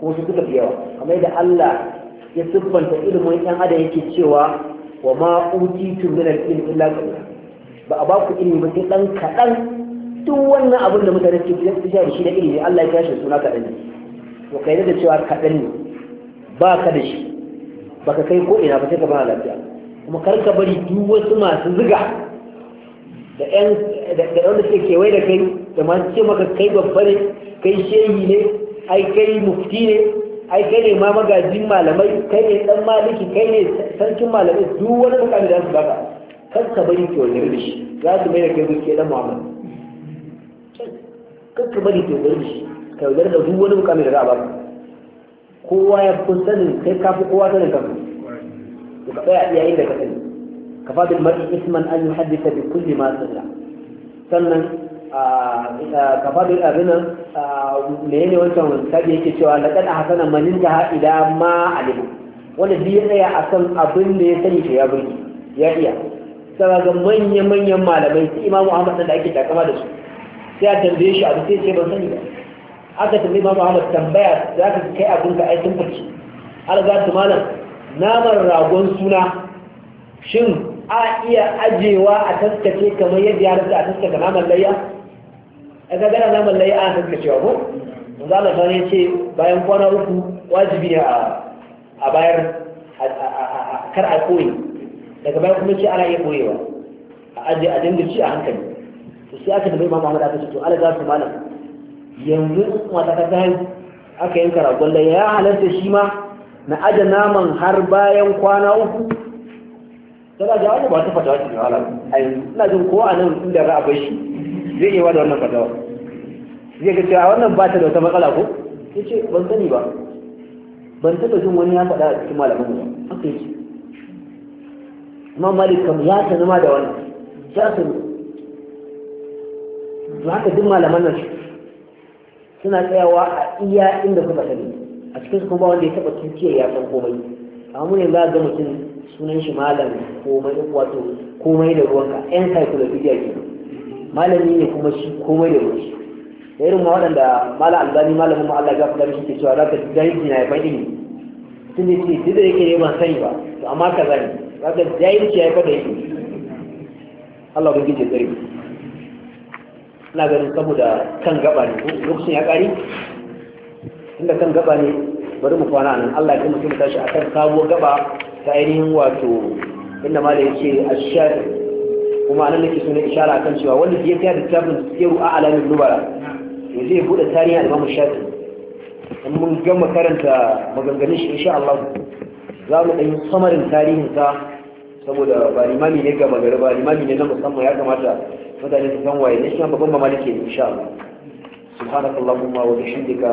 kuma su suka fi yawa kamar da Allah ya siffanta ilimin ɗan adam yake cewa wa ma utitu min al-ilmi illa ba a ba ku ilimi ba sai dan kadan duk wannan abin da mutane suke da shi shi da ilimi Allah ya kashe suna kadan ne to kai da cewa kadan ne ba ka da shi baka kai ko ina ba sai ka ba lafiya kuma karka bari duk wasu masu ziga da yan da wanda suke kewaye da kai da masu ce maka kai babba ne kai shehi ne ai kai mufti ne ai kai ne ma magajin malamai kai ne dan maliki kai ne sarkin malamai duk wani mukami da su baka karka bari ki da shi za su mai da kai zuke dan muhammad karka bari kewaye da shi kai da duk wani mukami da za a baka kowa ya fi sanin kai kafi kowa sanin kanka ka tsaya iyayen da ka sani ka fadil mar'i isman an yuhaddisa bi kulli ma salla sannan ka fadil abinan ne wancan sabi yake cewa laqad ahsana man intaha ila ma alim wanda bi ya tsaya akan abin da ya sani to ya burge ya iya sai ga manya manyan malamai su imamu ahmad da ake takama da su sai a tambaye shi abu sai ce ban sani ba aka tambaye imamu ahmad tambaya za ka kai abin ka ai sun fice alga malam naman ragon suna shin a iya ajewa a taskace kamar yadda ya rasa a taskace naman layya a gagara naman layya a taskacewa ko za a sani ce bayan kwana uku wajibi ne a bayar kar a koyi daga bayan kuma ce ana iya koyewa a aje a dinga ci a hankali to sai aka tambayi mamu Ahmad ta ce to ala za su malam yanzu mata ta haihu aka yanka ragon layya ya halarta shi ma na aje naman har bayan kwana uku tana da wani ba ta fata ce wala ai ina jin ko a nan inda za a bai shi zai iya wada wannan fatawa zai ga cewa wannan ba ta da wata matsala ko ya ce ban sani ba ban taɓa jin wani ya faɗa a cikin malaman ba haka yake amma malik kam ya sani ma da wani. ya sani to haka duk malaman nan suna tsayawa a iya inda suka sani a cikin su kuma wanda ya taba tukiya ya san komai amma mun ne za ga mutum sunan shi malam komai wato komai da ruwanka yan encyclopedia ke malami ne kuma shi komai da ruwanshi da irin waɗanda malam albani malamin mu Allah ya gafa shi ke cewa za ka jahilci na faɗi ne tun da ce duk da yake ne ban sani ba to amma ka zani za ka jahilci ya haifar da ilimi Allah ya gije tsari ina ganin saboda kan gaba ne lokacin ya ƙari inda kan gaba ne bari mu kwana nan Allah ya mutum tashi akan kawo gaba ta ainihin wato inda ma da yake ashar kuma anan nake suna ishara akan cewa wanda ya tsaya da tabin yau a alamin nubara to zai bude tarihi al-Imam Shafi in mun gama karanta maganganun shi insha Allah za mu ɗan samarin tarihin sa saboda ba limami ne ga magari ba limami ne na musamman ya kamata mutane su san waye ne shi babban mamalike insha Allah subhanakallahumma wa bihamdika